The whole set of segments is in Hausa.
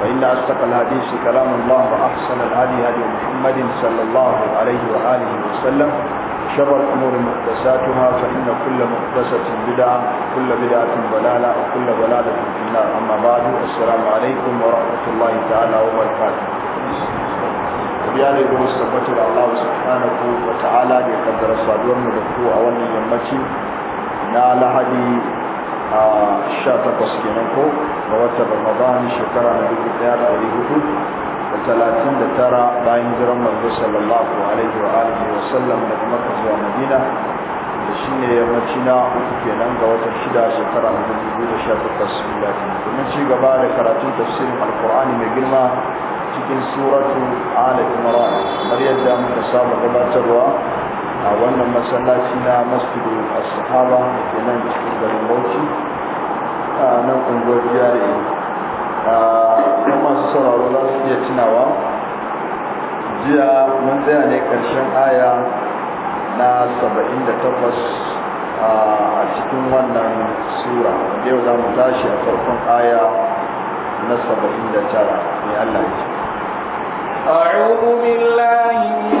فإن أصدق الحديث كلام الله وأحسن الهدي هدي محمد صلى الله عليه وآله وسلم شر الأمور مقدساتها فإن كل مقدسة بدعة وكل بدعة ضلالة وكل ضلالة في النار أما بعد السلام عليكم ورحمة الله تعالى وبركاته biyar da الله سبحانه Allah subhanahu wa ta'ala da ya kaddara saduwar mu da wannan yammaci na Lahadi a sha 18 kenan ko ga watan ramadan shekara na dubu da da talatin tara bayan jiran manzo sallallahu alaihi wa alihi wa sallam daga makka zuwa madina da shi ne yammaci na uku kenan ga wata shida shekara na dubu biyu da sha 2018 miladi domin ci gaba da karatun tafsirin alkur'ani mai girma cikin suratu ala imran kamar yadda muka saba gabatarwa a wannan masallaci na masjidu a sahaba da nan da su garin bauchi a nan unguwar jihar idan masu sauraro za su iya tunawa jiya mun tsaya ne ƙarshen aya na 78 a cikin wannan sura da yau za mu tashi a farkon aya na 79 mai Allah ya ce أعوذ بالله من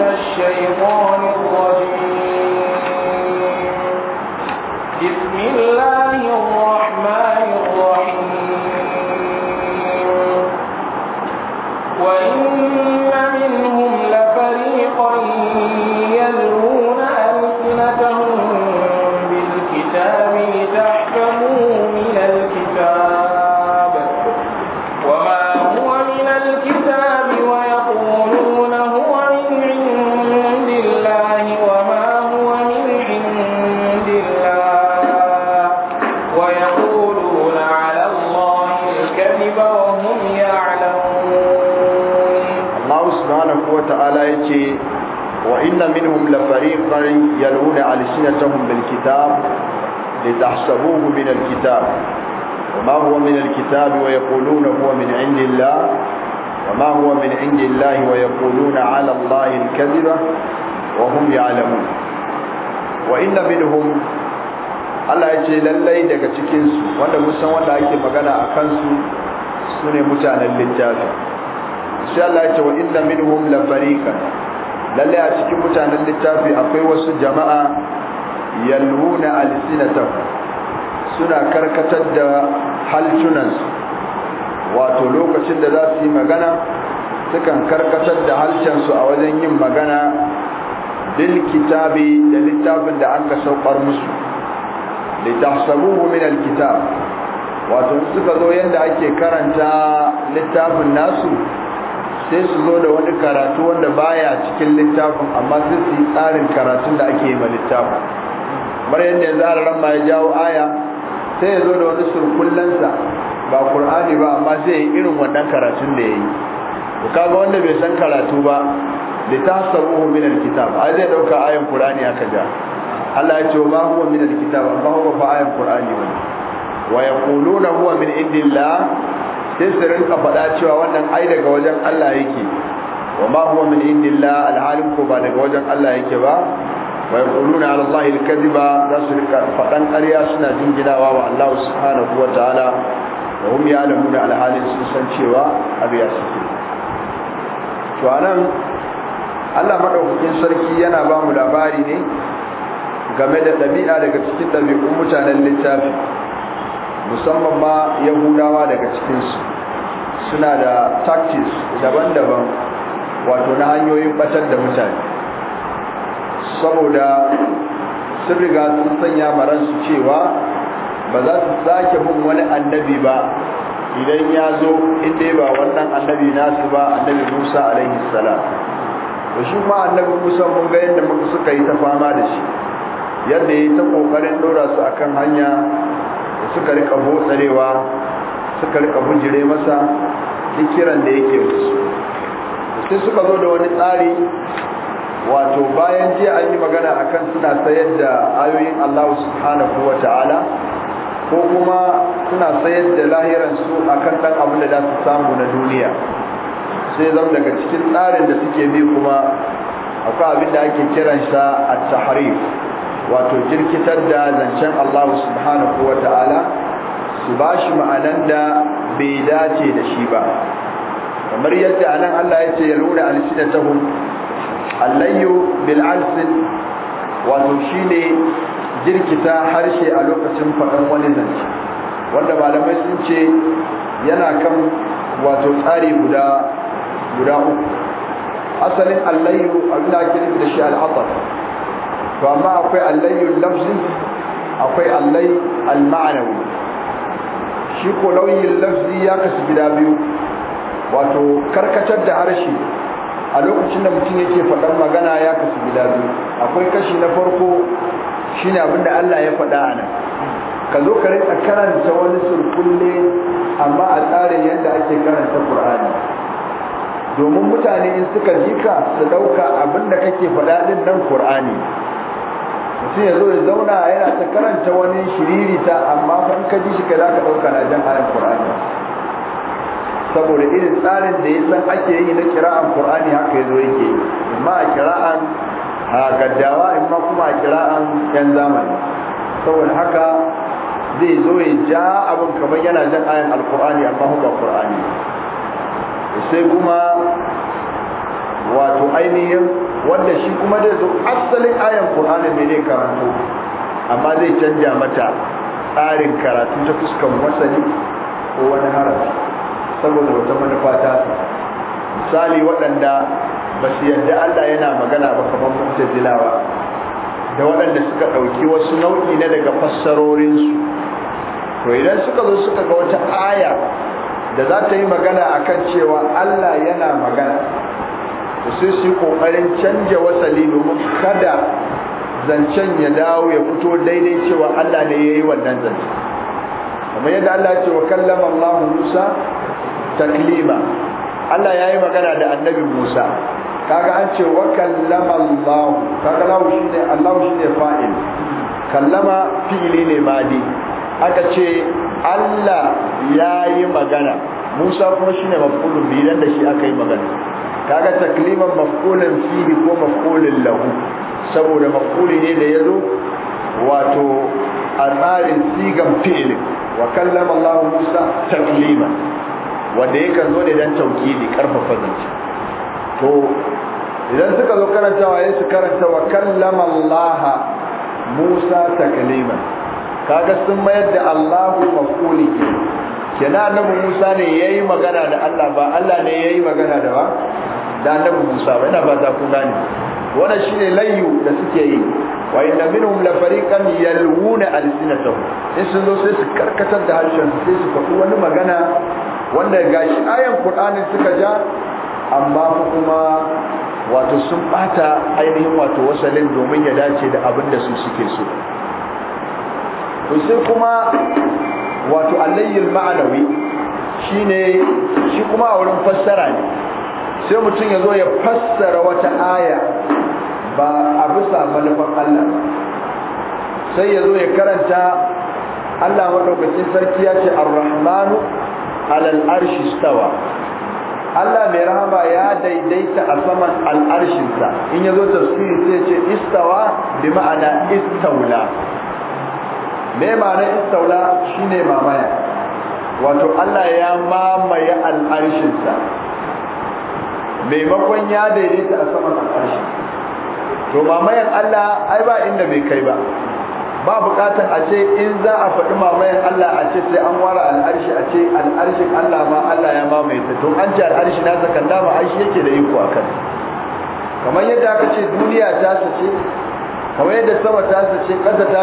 mutanen littafi sai Allah ya ce wa inna minhum la fariqan lalle a cikin mutanen littafi akwai wasu jama'a yalwuna alsinatan suna karkatar da haltunansu wato lokacin da za su yi magana sukan karkatar da halcansu a wajen yin magana bil kitabi da littafin da an ka saukar musu litahsabuhu min alkitab wato suka zo yanda ake karanta littafin nasu sai su zo da wani karatu wanda baya cikin littafin amma sai su yi tsarin karatun da ake yi ma littafin bar yadda yanzu a ramma ya jawo aya sai ya zo da wani surkullansa ba qur'ani ba amma sai yi irin wannan karatun da ya yi to kaga wanda bai san karatu ba sabu min alkitab ai zai dauka ayan qur'ani aka ja Allah ya ce ba huwa min alkitab ba huwa fa ayan qur'ani wani wa yaquluna huwa min indillah sai su rinka faɗa cewa wannan ai daga wajen Allah yake wa ma huwa min indillah alhalin ko ba daga wajen Allah yake ba wa yaquluna ala Allah alkadiba za su rinka faɗan ƙarya suna jinginawa wa Allah subhanahu wa ta'ala wa hum ya'lamuna alhalin sun san cewa abu ya suke to anan Allah madaukakin sarki yana ba mu labari ne game da dabi'a daga cikin ɗabi'un mutanen littafi musamman ma yahudawa daga cikinsu suna da tactics daban-daban wato na hanyoyin batar da mutane saboda sun riga sun sanya maransu cewa ba za su sake bin wani annabi ba idan ya zo inda ba wannan annabi nasu ba annabi musa alaihi salam da shi ma annabi musa mun ga yadda suka yi ta fama da shi yadda ya yi ta ƙoƙarin dora su akan hanya suka rika botsarewa suka rika bujire masa duk kiran da yake musu sai suka zo da wani tsari wato bayan jiya an yi magana akan suna sayar da ayoyin Allahu subhanahu wa ta'ala ko kuma suna sayar da lahiransu akan ɗan abin da za su samu na duniya sai zama daga cikin tsarin da suke bi kuma akwai abin da ake kiransa a taharif wato jirkitar da zancen Allah subhanahu wa ta'ala su ba shi ma'anan da bai dace da shi ba kamar yadda anan Allah ya ce ya lura alsinatahum allayyu bil alsin wato shine jirkita harshe a lokacin faɗan wani zance wanda malamai sun ce yana kan wato tsari guda guda uku asalin allayyu abin da ake nufi da shi al'adar. to amma akwai allayyul lafzi akwai allay al-ma'nawi shi ko lauyin lafzi ya kasu gida biyu wato karkatar da harshe a lokacin da mutum yake faɗar magana ya kasu gida biyu akwai kashi na farko shine abinda Allah ya faɗa a nan ka zo ka rinka karanta wani surkulle amma a tsarin yadda ake karanta Qur'ani domin mutane in suka jika ka su dauka abinda kake faɗa din nan Qur'ani mutum ya zo ya zauna yana ta karanta wani shiririta amma fa in ka ji shi ka za ka ɗauka na jan ayan qur'ani saboda irin tsarin da ya san ake yi na kira'an qur'ani haka ya zo yake amma a kira'an a gaddawa amma kuma a kira'an yan zamani saboda haka zai zo ya ja abin kamar yana jan ayan alkur'ani amma hukar qur'ani sai kuma wato ainihin wanda shi kuma zai zo asalin ayan qur'ani ne ne karanto amma zai canja mata tsarin karatu ta fuskan wasani ko wani harafi saboda wata manufa ta misali waɗanda ba su yadda Allah yana magana ba kamar mu'tazilawa da waɗanda suka ɗauki wasu nau'i na daga fassarorinsu to idan suka zo suka ga wata aya da za ta yi magana a kan cewa Allah yana magana to sai su yi kokarin canja wasali domin kada zancen ya dawo ya fito daidai cewa Allah ne ya yi wannan zancen kamar yadda Allah ce wa kallama Allah Musa taklima Allah ya yi magana da annabi Musa kaga an ce wa kallama Allah kaga lahu shine Allah shine fa'il kallama fi'ili ne madi aka ce Allah ya yi magana Musa kuma shine mafulu bi dan da shi aka yi magana kaga takliman maf'ulan fihi ko maf'ulin lahu saboda mafkuli ne da yazo wato a tsarin sigan fi'ilin wa kallama Allah Musa takliman wanda yake zo ne dan taukidi karfafa zance to idan suka zo karantawa yayin su karanta wa kallama Allah Musa takliman kaga sun mayar da Allahu mafkuli kenan annabi Musa ne yayi magana da Allah ba Allah ne yayi magana da ba da annabi Musa ba ina za ku gane wannan shine layyu da suke yi wa inna minhum la fariqan yalwuna alsinatahum sai sun zo sai su karkatar da harshen sai su faɗi wani magana wanda gashi ayan Qur'ani suka ja amma kuma wato sun bata ainihin wato wasalin domin ya dace da abin da su suke so to kuma wato alayyul ma'anawi shine shi kuma a wurin fassara ne sai mutum ya zo ya fassara wata aya ba a bisa manufan Allah sai ya zo ya karanta Allah maɗaukacin sarki ya ce ar-rahmanu alal arshi stawa Allah mai rahama ya daidaita a saman al'arshinsa in ya zo tafsiri sai ce istawa bi ma'ana istaula me na istaula shine mamaya wato Allah ya mamaye al'arshinsa maimakon ya daidaita a saman al'arshi to mamayan Allah ai ba inda bai kai ba ba bukatar a ce in za a faɗi mamayan Allah a ce sai an ware al'arshi a ce al'arshin Allah ma Allah ya mamaye ta to an ce al'arshi na zakan dama ai yake da iko akan kamar yadda aka ce duniya ta sace kamar yadda sama ta sace ƙasa ta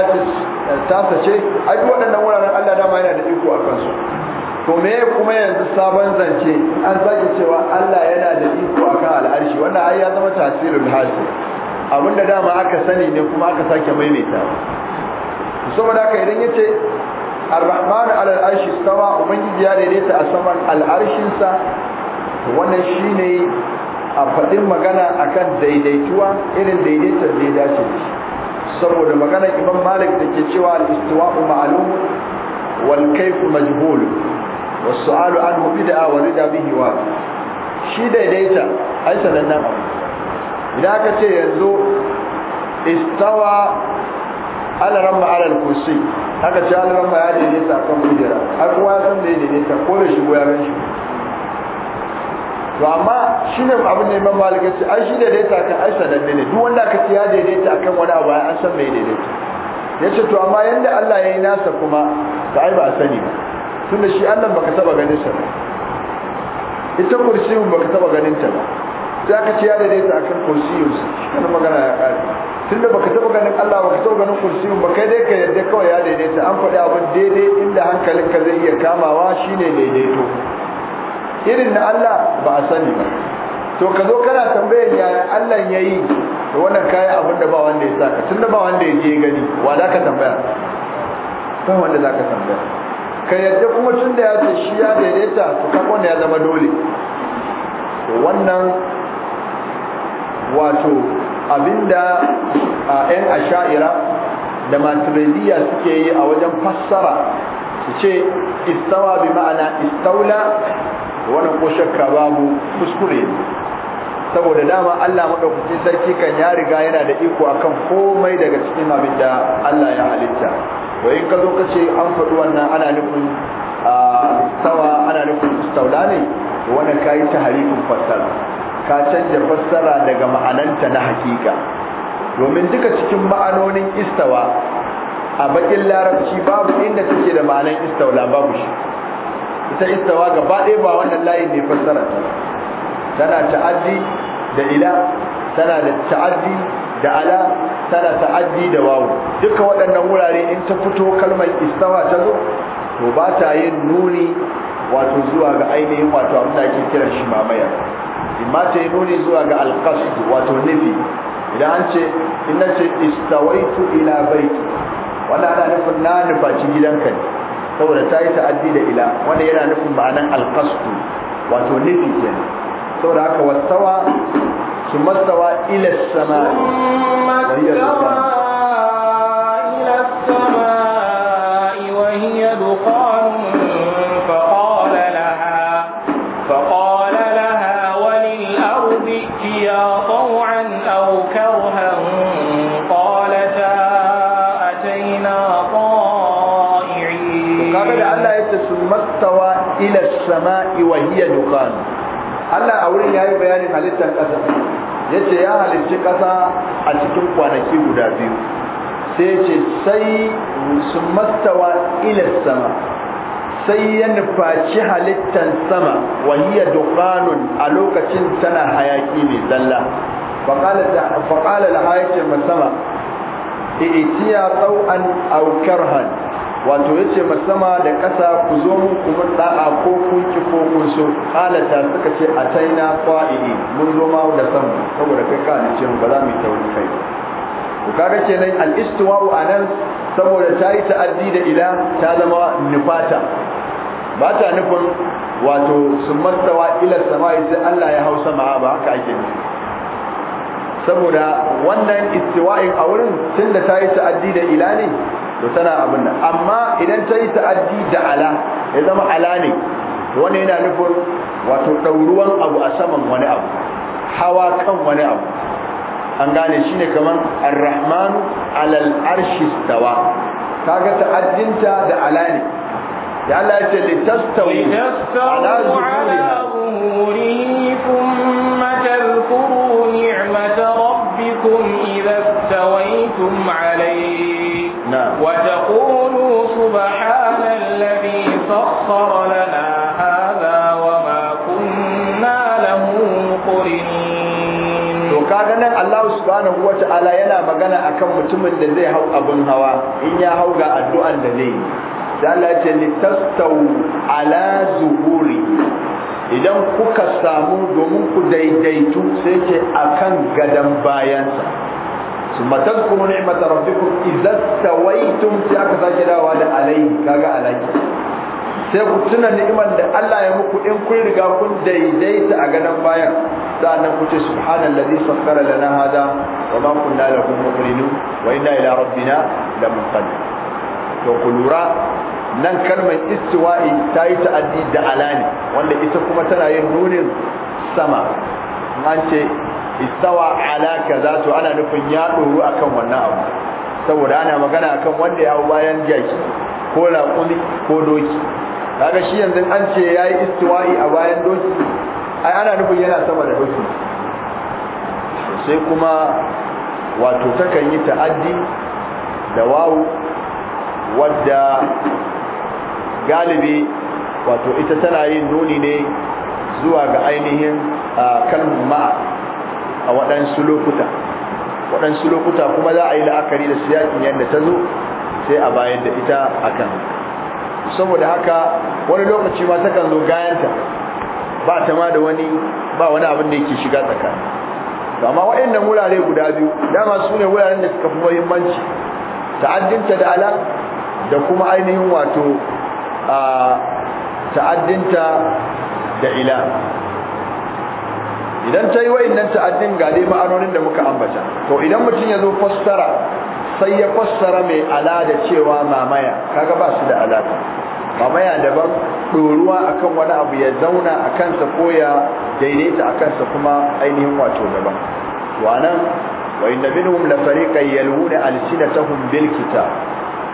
ta sace ai waɗannan wuraren Allah dama yana da iko a kansu to me kuma yanzu sabon zance an sake cewa Allah yana da iko akan al'arshi wannan ai ya zama tasirul hasi abinda dama aka sani ne kuma aka sake maimaita saboda haka idan yace ar-rahman ala al-arshi stawa ubangiji ya daidaita a saman al-arshin sa wannan shine a faɗin magana akan daidaituwa irin daidaitar da ya dace da shi saboda magana imam malik da ke cewa al-istiwa'u ku wal kayfu majhul an su'alu da wa rida bihi wa shi daidaita ai sanannan idan aka ce yanzu istawa ala ramma ala al-kursi haka ce ala ramma ya daidaita kan kujera akwai san da ya daidaita ko da shigo ya gan shi to amma shi ne abin da imam malik yace ai shi daidaita kan ai sananne ne duk wanda aka ce ya daidaita akan wani abu an san mai daidaita yace to amma yanda Allah ya yi nasa kuma da ai ba a sani ba tunda shi Allah baka taba ganin sa Ita kursi mun baka taba ganin ta ba sai aka ce ya daidaita akan kursi su kana magana ya kare tunda baka taba ganin Allah baka taba ganin kursi mun baka dai ka yadda kawai ya daidaita an faɗi abin daidai inda hankalinka zai iya kamawa shine daidaito irin na Allah ba a sani ba to ka zo kana tambayar yaya Allah ya yi da wannan kayan abin da ba wanda ya saka tun da ba wanda ya je gani wa za ka tambaya ba wanda za ka tambaya ka yadda kuma tun da ya ce shi ya daidaita to kan wanda ya zama dole to wannan wato abinda a 'yan asha'ira da maturidiyya suke yi a wajen fassara su ce istawa bi ma'ana istaula wannan ko shakka babu kuskure saboda dama Allah madaukakin sarki kan ya riga yana da iko akan komai daga cikin abin da Allah ya halitta wai in ka zo ka ce an faɗi wannan ana nufin sawa ana nufin istaula ne wannan ka yi harifin fassara ka canja fassara daga ma'ananta na hakika domin duka cikin ma'anonin istawa a bakin larabci babu inda take da ma'anan istaula babu shi ita istawa gaba ɗaya ba wannan layin ne fassara tana ta'addi da ila tana da ta'addi da ala tana ta'addi da wawu duka waɗannan wurare in ta fito kalmar istawa ta zo to ba ta yin nuni wato zuwa ga ainihin wato abin da ake kiran shi mamaya ma ta yi nuni zuwa ga alkasu wato nufi idan an ce in na ce istawaitu ila baiti wannan ana nufin na nufaci gidanka ne saboda ta yi ta'addi da ila wanda yana nufin ma'anan alqasdu wato nufi kenan saboda haka wasawa ثم masawa إلى السماء ثم استوى إلى ardi wa hiya dukan Allah a wurin yayi bayanin halittar kasa yace ya halicci kasa a cikin kwanaki guda biyu sai yace sai sumattawa ila sama sai ya nufaci halittar sama wa hiya dukanun a lokacin tana hayaki ne zalla faqala laha yace masama ائتيا طوعا او كرها wato yace masama da ƙasa ku zo mu ku mun ko kun ki ko kun so halata suka ce a taina qa'idi mun zo ma da san saboda kai ka ce ba za mu tauri kai ku kaga kenan al-istiwa'u anan saboda ta yi ta'addi da ila ta zama nufata ba ta nufin wato sun mastawa ila sama'i sai Allah ya hausa ma ba haka ake nufi saboda wannan istiwa'in a wurin tunda ta yi ta'addi da ila ne to tana abin nan amma idan ta yi ta'addi da ala ya zama ala ne wani yana nufin wato ɗauruwan abu a saman wani abu hawa kan wani abu an gane shi ne kamar arrahmanu alal arshi Ta kaga ta'addinta da ala ne da Allah ya ce litastawi ala zuhurihi thumma tadhkuru ni'mata rabbikum idha stawaytum alayhi subhanahu ta'ala yana magana akan mutumin da zai hau abin hawa in ya hau ga addu'an da zai da Allah ce litastau ala zuhuri idan kuka samu domin ku daidaitu sai ce akan gadan bayansa su matazkuru ne rabbikum idza tawaitum sai aka sake dawa da alaihi kaga alaihi sai ku tuna ni'imar da Allah ya muku in kun riga kun daidaita a gadan bayan sa'annan ku ce subhanallazi sakkara lana hada wa ma kunna lahu muqrinu wa inna ila rabbina lamunqalib to ku nan kalmar istiwa'i ta yi ta'addi da alani wanda ita kuma tana yin nunin sama an ce istawa ala kaza to ana nufin ya doru akan wannan abu saboda ana magana akan wanda ya bayan jaki ko raƙuni ko doki kaga shi yanzu an ce yayi istiwa'i a bayan doki ai ana nufin yana sama da doki sai kuma wato takan yi ta'addi da wawu wadda galibi wato ita tana yin nuni ne zuwa ga ainihin kalmar ma a waɗansu lokuta waɗansu lokuta kuma za a yi la'akari da siyakin yadda ta zo sai a bayan da ita akan saboda haka wani lokaci ma takan zo gayanta ba ta ma da wani ba wani abin da yake shiga tsakani amma waɗannan wurare guda biyu dama su ne wuraren da suka fi muhimmanci ta'addinta da ala da kuma ainihin wato a ta'addinta da ila idan ta yi ta'addin ga dai ma'anonin da muka ambata to idan mutum ya zo fassara sai ya fassara mai ala da cewa mamaya kaga ba su da alaka mamaya daban ɗoruwa akan wani abu ya zauna a kansa ko ya daidaita a kansa kuma ainihin wato daban wannan wa inna minhum la fariqan yalwuna alsinatahum bil kitab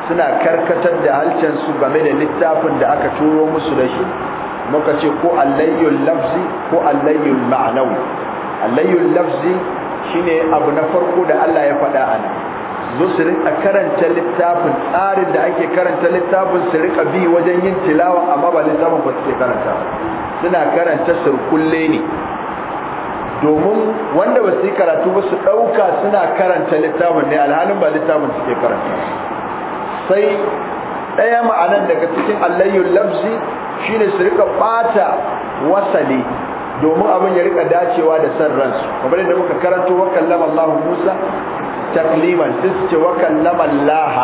suna karkatar da halcin su game da littafin da aka turo musu da shi muka ce ko allayyul lafzi ko allayyul ma'nawi allayyul lafzi shine abu na farko da Allah ya faɗa a nan zo su rika karanta littafin tsarin da ake karanta littafin su rika bi wajen yin tilawa amma ba littafin ba suke karanta suna karanta kulle ne domin wanda ba su yi karatu ba su ɗauka suna karanta littafin ne alhalin ba littafin suke karanta sai ɗaya ma'anan daga cikin allayyun shi shine su rika ɓata wasali domin abin ya rika dacewa da san ransu kamar da muka karanto wa kallama Allahu Musa takliman sai wa kallama Allah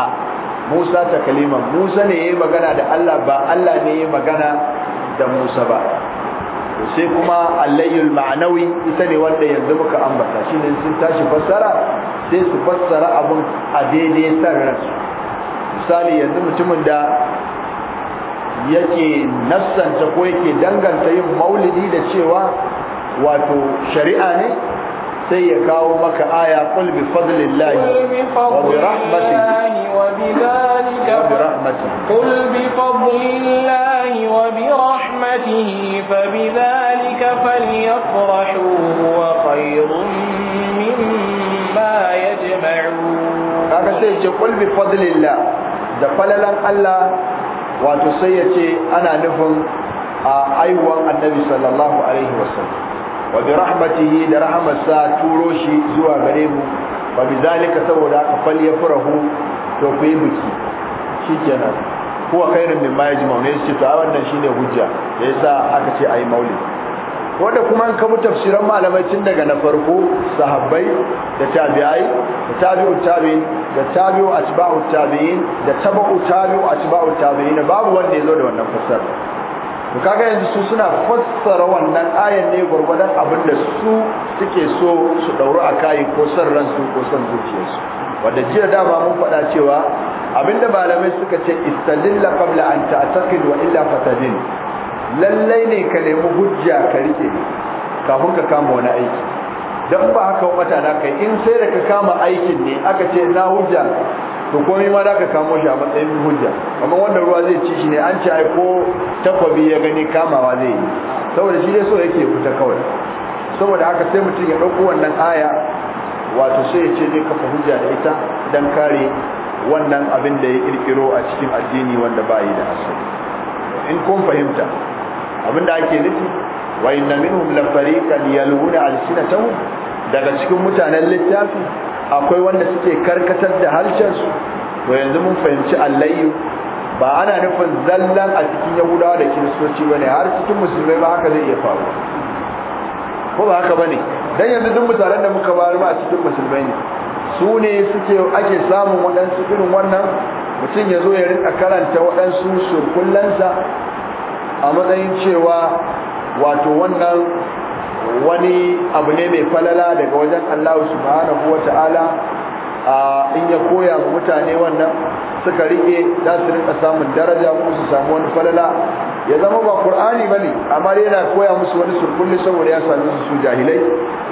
Musa takliman Musa ne yayi magana da Allah ba Allah ne yayi magana da Musa ba sai kuma allayul ma'nawi ita ne wanda yanzu muka ambata shine sun tashi fassara sai su fassara abun a daidai san misali yanzu mutumin da yake nassanta ko yake danganta yin maulidi da cewa wato shari'a ne sai ya kawo maka aya qul bi fadlillahi wa bi rahmatihi wa bi rahmatihi qul bi fadlillahi wa bi rahmatihi fa bi dhalika falyafrahu wa khayrun mimma yajma'un kaga sai ce qul bi fadlillah da falalan Allah wato sai ya ce ana nufin a aiwon annabi sallallahu alaihi wasallam wa bi rahmatihi da rahamarsa turo shi zuwa gare mu wa bi zalika saboda ka fal hu? to ku yi kenan shikenan huwa khairun mimma yajma'u ne shi to a wannan shine hujja da sa aka ce ayi maulid da kuma an kabu tafsiran malamai tun daga na farko sahabbai da tabi'ai da tabi'u tabi'in da tabi'u atba'u tabi'in da tabi'u tabi'u atba'u tabi'in babu wanda yazo da wannan fassara to kaga yanzu su suna fassara wannan ayan ne gurgurdan abin da su suke so su dauro a kai ko san ransu ko san zuciyarsu wanda jiya dama mun faɗa cewa abinda malamai suka ce istadilla qabla an ta'taqid wa illa fatadin lallai ne ka nemi hujja ka rike kafin ka kama wani aiki dan ba haka wata na kai in sai da ka kama aikin ne aka ce na hujja to komai ma da ka kamo shi a matsayin hujja amma wannan ruwa zai ci shi ne an ci ai ko takwabi ya gani kamawa zai yi saboda shi dai so yake fita kawai saboda haka sai mutum ya ɗauko wannan aya wato sai ya ce zai kafa hujja da ita don kare wannan abin da ya kirkiro a cikin addini wanda ba yi da asali in kun fahimta abin da ake nufi wa inna minhum la fariqan yaluna daga cikin mutanen littafi akwai wanda suke karkatar da halshensu to yanzu mun fahimci allayyu ba ana nufin zallan a cikin yahudawa da kiristoci ba ne har cikin musulmai ba haka zai iya faru ko ba haka ba ne don yanzu duk mutanen da muka bari ma a cikin musulmai ne su ne suke ake samun waɗansu irin wannan mutum ya zo ya rinka karanta waɗansu surkullansa a matsayin cewa wato wannan wani abu ne mai falala daga wajen Allah subhanahu wa ta'ala in ya koya wa mutane wannan suka rike za su rinka samun daraja ko su samu wani falala ya zama ba qur'ani bane amma dai yana koya musu wani surkulli saboda ya sami su jahilai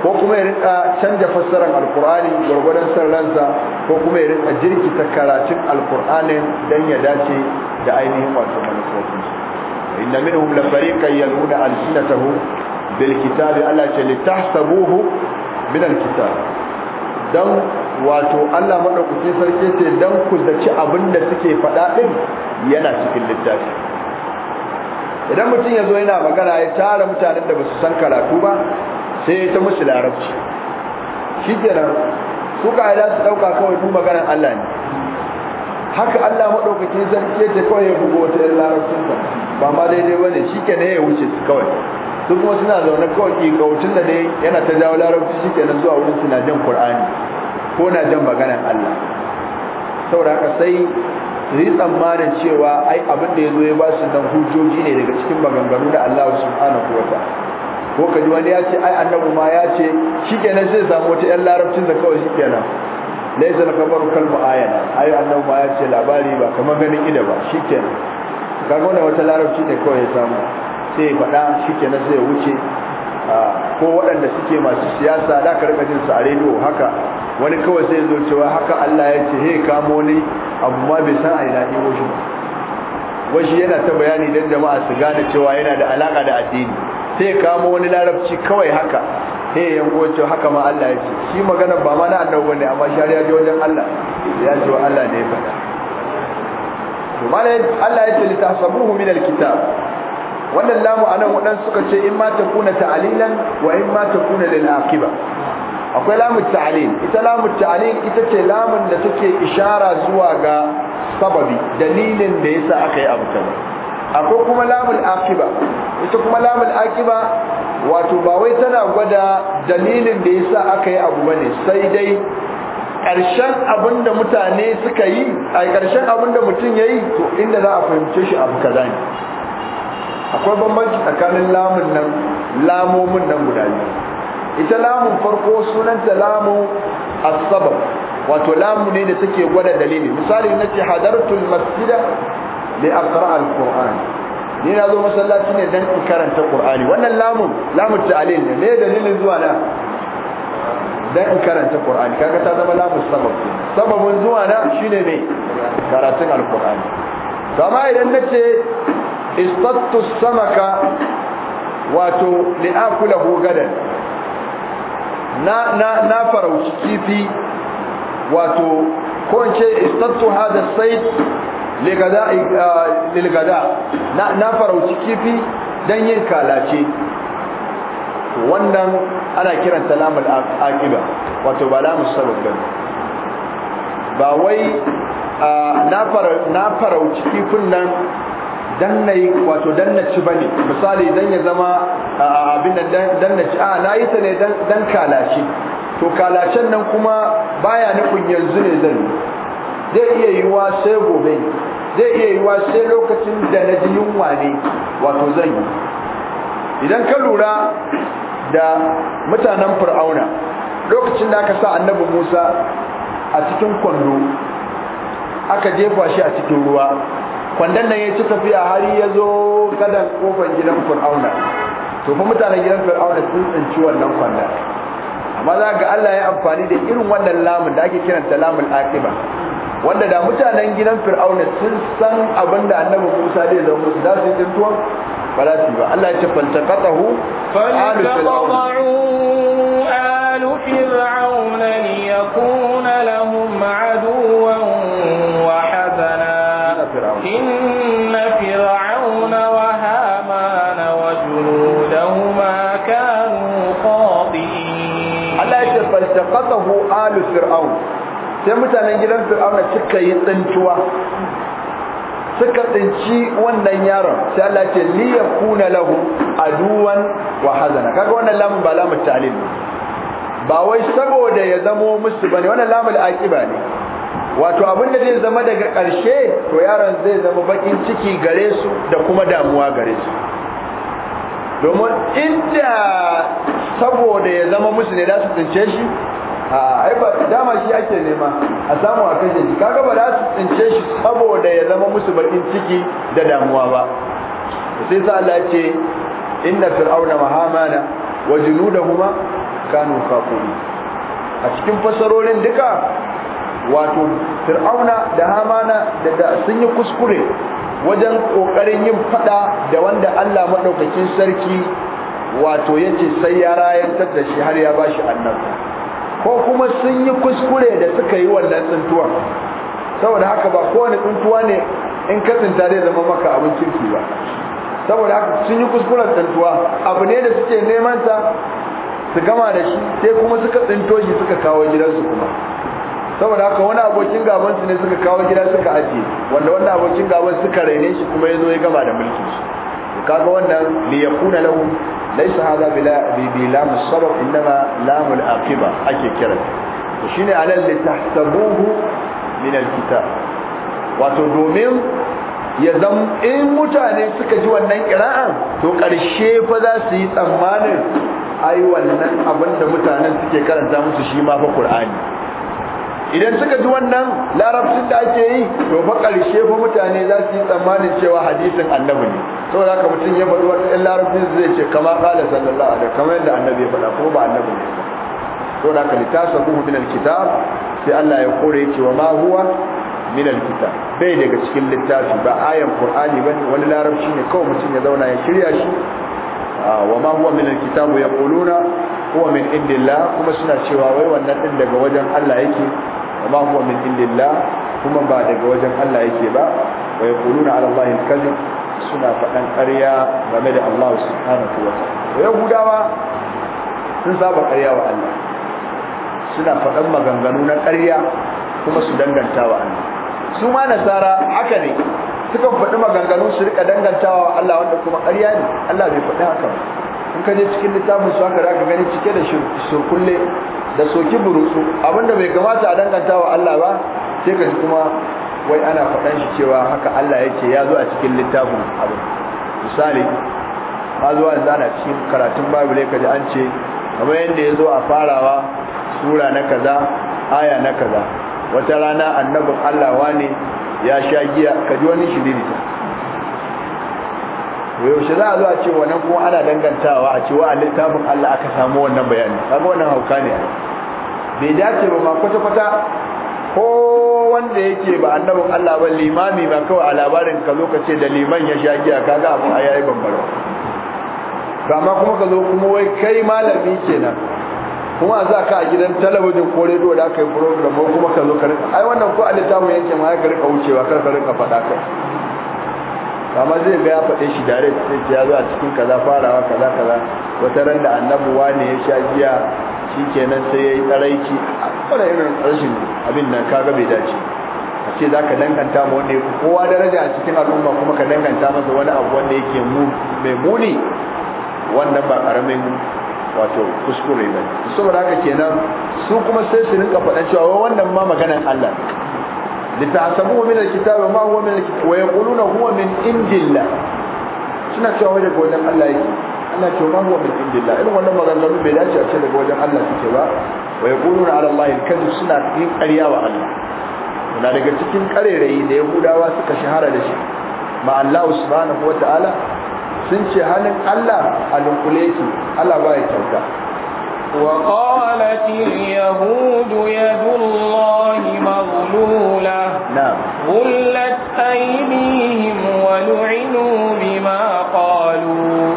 ko kuma ya rinka canja fassarar alqur'ani gurgurdan san ransa ko kuma ya rinka ta karatun alqur'anin dan ya dace da ainihin wato manufofin inna minhum la fariqan yaluna alsinatahu bil kitabi Allah ce litahsabuhu min al kitab dan wato Allah madaukake sarki ce dan ku zaci abinda suke fada din yana cikin littafi idan mutum yazo yana magana ya tara mutanen da basu san karatu ba sai ya ta musu larabci shikenan su ka da su dauka kawai duk maganar Allah ne haka Allah madaukake sarki ce kawai ya bugo wata larabcin ba ma daidai bane shikenan ya wuce su kawai su kuma suna zaune kawai kikaucin da dai yana ta jawo larabci shi kenan zuwa wurin suna jan ƙur'ani ko na jan maganar allah saboda haka sai yi tsammanin cewa ai abin da ya zo ya ba su dan hujjoji ne daga cikin maganganu da Allah subhanahu wa ta'ala ko kaji wani ya ce ai annabi ma ya ce shikenan zai samu wata yan larabcin da kawai shikenan laisa na kamar kal mu'ayana ai annabi ma ya ce labari ba kamar ganin ida ba shikenan kaga wannan wata larabci ne kawai ya samu sai faɗa shi ke sai ya wuce ko waɗanda suke masu siyasa da ka rika jin su a rediyo haka wani kawai sai zo cewa haka Allah ya ce he kamo ni amma bai san a ina ɗigo wajen ba yana ta bayani don jama'a su gane cewa yana da alaka da addini sai kamo wani larabci kawai haka he yango goce haka ma Allah ya ce shi magana ba ma na annabi bane amma shari'a ji wajen Allah ya ce wa Allah ne ya faɗa to malai Allah ya ce litahsabuhu min alkitab wannan lamu anan wadan suka ce in ma takuna ta'lilan wa in ma takuna lil aqiba akwai lamu ta'lil ita lamu ta'lil ita ce lamun da take ishara zuwa ga sababi dalilin da yasa aka yi abu kaza akwai kuma lamu aqiba ita kuma lamu aqiba wato ba wai tana gwada dalilin da yasa aka yi abu bane sai dai ƙarshen abin da mutane suka yi a ƙarshen abin da mutum ya yi to inda za a fahimce shi abu kaza ne akwai bambanci tsakanin lamun nan lamomin nan guda biyu ita lamun farko sunanta As-sabab wato lamu ne da take gwada dalili misali na ce hadartul masjida li aqra al-qur'an ni na zo masallaci ne dan in karanta qur'ani wannan lamun lamun ta'alil ne me dalilin zuwa na dan in karanta qur'ani kaga ta zama lamun sabab sababun zuwa na shine ne karatun al al-qur'ani kama idan nace istattu samaka wato li'akulahu gadan na na na farauci kifi wato ko in ce istattu hada ligada na farauci kifi dan yin kalace wannan ana kiranta lamul aqiba wato ba lamus sabab ba wai na farauci kifin nan dan nayi wato dan na ci bane misali dan ya zama abin da dan na ci a yi ta ne dan kalace to kalacen nan kuma baya nufin yanzu ne zan zai iya yiwa sai gobe zai iya yiwa sai lokacin da na ji yunwa ne wato zan yi idan ka lura da mutanen fir'auna lokacin da aka sa annabi musa a cikin kwando aka jefa shi a cikin ruwa kwandon nan ya ci tafiya har ya zo gadan kofar gidan fir'auna to fa mutanen gidan fir'auna sun tsinci wannan kwandon amma za ga Allah ya amfani da irin wannan lamun da ake kiran ta lamun aqiba wanda da mutanen gidan fir'auna sun san abin da annabi Musa zai zo musu za su yi tuntuwan ba za su ba Allah ya ce faltaqatahu alu fir'auna sai mutanen gidan fir'auna suka yi tsintuwa suka tsinci wannan yaron sai Allah ce li yakuna lahu aduwan wa hazana kaga wannan lamun ba lamun ta'lil ba wai saboda ya zamo musu bane wannan lamun aqiba ne wato abin da zai zama daga ƙarshe to yaron zai zama bakin ciki gare su da kuma damuwa gare su domin inda saboda ya zama musu ne da su tsince shi a ai dama shi ake nema a samu a kashe shi kaga ba za su tsince shi saboda ya zama musu bakin ciki da damuwa ba sai sa Allah ce inna fir'auna wa hamana wa junudahuma kanu kafuri a cikin fasarorin duka wato fir'auna da hamana da sun yi kuskure wajen kokarin yin fada da wanda Allah madaukakin sarki wato yace sai ya rayantar da shi har ya bashi annabi ko kuma sun yi kuskure da suka yi wannan tsuntuwa saboda haka ba kowane tsuntuwa ne in ka tsinta zai zama maka abin kirki ba saboda haka sun yi kuskuren tsuntuwa abu ne da suke neman ta su gama da shi sai kuma suka tsinto shi suka kawo gidansu kuma saboda haka wani abokin gaban su ne suka kawo gida suka ajiye wanda wanda abokin gaban suka raine shi kuma ya zo ya gama da mulkin shi kaga wannan li yakuna lahu laysa hadha bila bi lam inma aqiba ake kira to shine alal li tahsabuhu min al wato domin ya zam in mutane suka ji wannan kira'an to karshe fa za su yi tsammanin ai wannan abin da mutanen suke karanta musu shi ma fa qur'ani idan suka ji wannan larabcin da ake yi to fa karshe fa mutane za su yi tsammanin cewa hadisin annabi ne saboda haka mutum ya faɗi wata larabci zai ce kama kala sallallahu alaihi kamar yadda annabi ya faɗa ko ba annabi ne ba saboda haka litasabuhu min alkitab sai Allah ya kore ya ce wa ma huwa min alkitab bai daga cikin littafi ba ayan qur'ani ne wani larabci ne kawai mutum ya zauna ya shirya shi ah, wa ma huwa min alkitab yaquluna huwa min indillah kuma suna cewa wai wannan din daga wajen Allah yake wa huwa min indillah kuma ba daga wajen Allah yake ba wa yaquluna ala Allah al-kadhib suna faɗan ƙarya game da Allah subhanahu wa ta'ala gudawa? sun saba ƙarya wa Allah suna faɗan maganganu na ƙarya kuma su danganta wa Allah su ma nasara haka ne Suka faɗi maganganu su rika dangantawa Allah wanda kuma ƙarya ne Allah bai faɗi haka ba. in ka je cikin littafin su haka zaka gani cike da surkulle da soki burutsu abinda bai kamata a danganta wa Allah ba sai ka ji kuma wai ana faɗan shi cewa haka Allah yake ya zo a cikin littafin abu misali ma zuwa da zana cikin karatun babule ka ji an ce kamar yadda ya zo a farawa sura na kaza aya na kaza wata rana annabin Allah wane ya sha giya ka ji wani shiririta yaushe za a zo a ce wannan kuma ana dangantawa a ce wa a littafin Allah aka samu wannan bayani kaga wannan hauka ne bai dace ba ma kwata kwata ko wanda yake ba annabin Allah ba limami ba kawai a labarin ka zo ka ce da liman ya sha giya kaga abun a yayi bambara ba ma kuma ka zo kuma wai kai malami kenan kuma za ka a gidan talabijin ko rediyo da aka yi program ko kuma ka zo ka rika ai wannan ko a littafin yake ma ya ka rika wucewa kar ka rika faɗa kai amma zai ga ya faɗe shi direct sai ce ya zo a cikin kaza farawa kaza kaza wata ran da annabuwa ne ya sha giya shikenan sai ya yi tsaraici wannan irin rashin abin nan kaga bai dace a ce za ka danganta ma wanda yake. kowa daraja a cikin al'umma kuma ka danganta masa wani abu wanda yake mai muni wannan ba karamin wato kuskure ba saboda haka kenan su kuma sai su rinka faɗan cewa wannan ma maganar Allah litasabuhu min alkitab wa ma huwa min alkitab wa yaquluna huwa min indillah suna cewa wai daga wajen Allah yake Ana ce ma huwa min indillah irin wannan maganganun bai dace a ce daga wajen Allah suke ba wa ya kunu na Allah alkadhib suna yin karya wa Allah na daga cikin ƙarerayi da Yahudawa suka shahara da shi ma Allah subhanahu ta'ala sun ce halin Allah a dunkule yake Allah ba ya kyauta وقالت اليهود يد الله مغلولة غلت أيديهم ولعنوا بما قالوا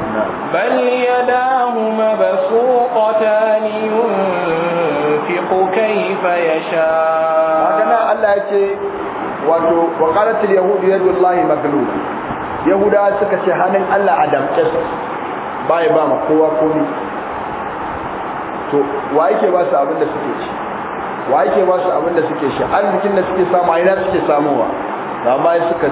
بل يداه مبسوطتان ينفق كيف يشاء wato wa qalatul yahud yadullahi maglul yahuda suka ce hannun Allah a damƙe su bai ba ma kowa komai to wa yake ba su abin da suke ci wa yake ba su abin da suke shi arzikin da suke samu a ina suke samuwa da ma suka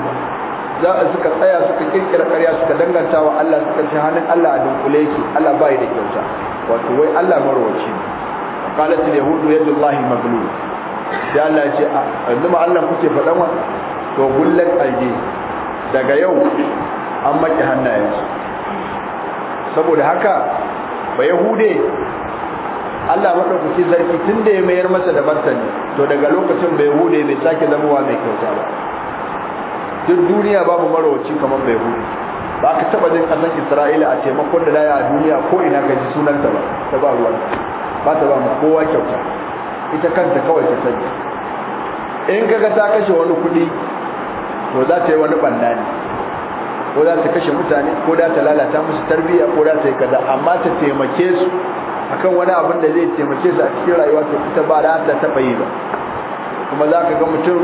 za a suka tsaya suka kirkira ƙarya suka danganta wa Allah suka ce hannun Allah a dunkule yake Allah bai da kyauta wato wai Allah marwaci ne qalat al ya yadullahi maglul sai Allah ya ce yanzu ma Allah kuke faɗan wa to gullan alje daga yau an maki hannayensu saboda haka ba yahude Allah madaukakin sarki tunda ya mayar masa da martani to daga lokacin bai hude bai sake zamowa mai kyauta ba duk duniya babu marawaci kamar bai hude ba ka taba jin kasan Isra'ila a taimakon da daya a duniya ko ina ka ji sunanta ba ta ba ruwan ba ta ba mu kowa kyauta ita kanta kawai ta sanya. in kaga ta kashe wani kuɗi to za ta yi wani banda ne ko za ta kashe mutane ko za ta lalata musu tarbiyya ko za ta yi kaza amma ta taimake su akan wani abin da zai taimake su a cikin rayuwa ta ita ba da ta taɓa yi ba kuma za ka ga mutum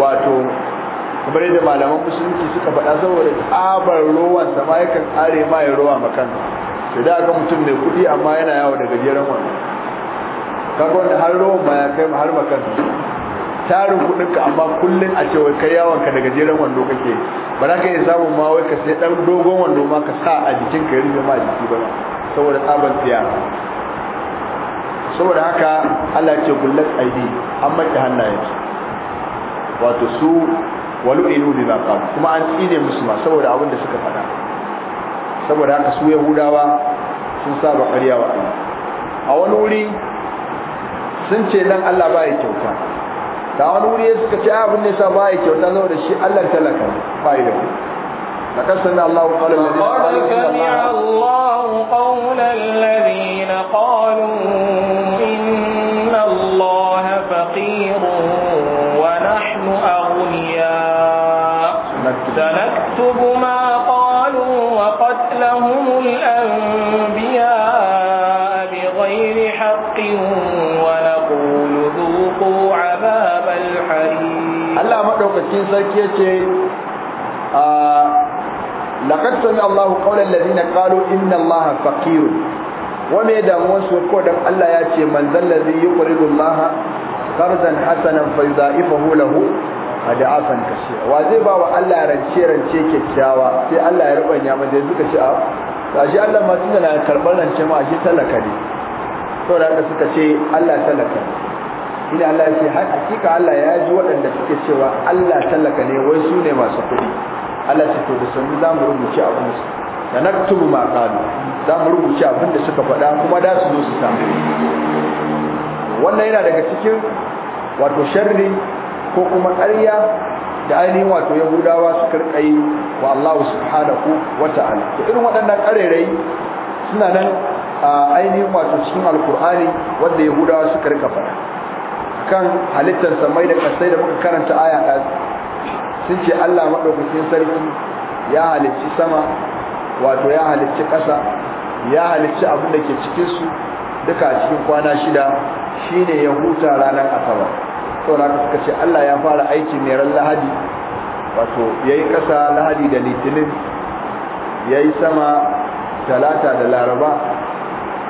wato kamar yadda malaman musulunci suka faɗa saboda tsabar rowan sama yakan ƙare ma ya rowa makan sai da ga mutum mai kuɗi amma yana yawo da gajeren wani kaga wanda har rowan ma ya kai har makan tarin ka amma kullum a ce wai kai yawon ka da gajeren wando kake ba za ka iya samun ma wai ka sai ɗan dogon wando ma ka sa a jikinka ya rufe ma jiki ba saboda tsaban tsiya saboda haka Allah ce gullat aidi an maki hannayen wato su walu inu bi baqa kuma an tsine musu ma saboda abin da suka faɗa saboda haka su yahudawa sun saba ƙarya wa Allah a wani wuri sun ce dan Allah ba ya kyauta da wani wuri suka ce ah, abin ne sa ba ya kyauta saboda shi Allah talaka ba ya da لقد سمع الله قول الذين الله قول الذين قالوا إن qad sami Allahu qawlan ladina qalu inna Allaha faqirun wa me damuwar su ko dan Allah ya ce man zal ladhi yuqridu Allah qardan hasanan fa yudaifahu lahu adafan kashi wa zai ba wa Allah rance rance kyakkyawa sai Allah ya rubanya ma dai suka ce a kashi Allah ma tunda na karbar rance ma shi talaka ne da haka suka ce Allah talaka ina Allah ya ce hakika Allah ya ji waɗanda suka cewa Allah talaka ne wai su ne masu kuɗi Allah ce to da sanu za mu rubuce abin su da naktubu ma qalu za mu rubuce abin da suka faɗa kuma da su zo su samu wannan yana daga cikin wato sharri ko kuma ƙarya da ainihin wato yahudawa su karɓa yi wa Allah subhanahu wa ta'ala to irin waɗannan ƙarerai suna nan a ainihin wato cikin alkur'ani wanda yahudawa suka rika faɗa kan halittar samai da kasai da muka karanta aya sun ce Allah maɗaukakin sarki ya halicci sama wato ya halicci ƙasa ya halicci abin da ke cikinsu duka cikin kwana shida shine ya huta ranar asabar saboda haka suka ce Allah ya fara aiki ne ran lahadi wato ya yi ƙasa lahadi da litinin ya yi sama talata da laraba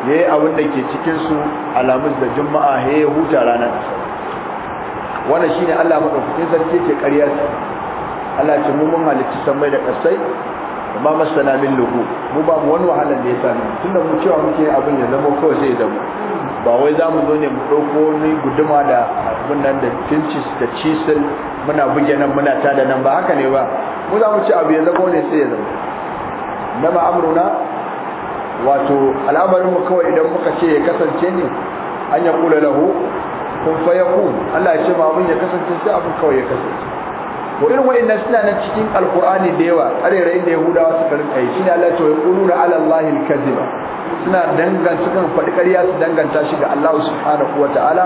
ya yi abin da ke cikinsu alamus da juma'a ya huta ranar asabar wannan shine Allah madaukakin sarki ke ƙarya Allah ce mu mun halitta sammai da kasai ba masana min lugu mu ba mu wani wahalar da ya sami tunda mu cewa muke abin ya zama kawai sai zama ba wai za mu zo ne mu ɗauko ni guduma da abin nan da pinches da cisil muna buge nan muna tada nan ba haka ne ba mu za mu ci abu ya zama ne sai ya zama na amruna wato al'amarin mu kawai idan muka ce ya kasance ne an ya kula lahu kun fa yakun Allah ya ce ma abin ya kasance sai abin kawai ya kasance ko irin wayannan suna nan cikin alqur'ani da yawa arerayin da yahudawa suka rinka yi shine Allah ya ce yaquluna ala allahi alkaziba suna dangan kan fadi ƙarya su danganta shi ga Allah subhanahu wataala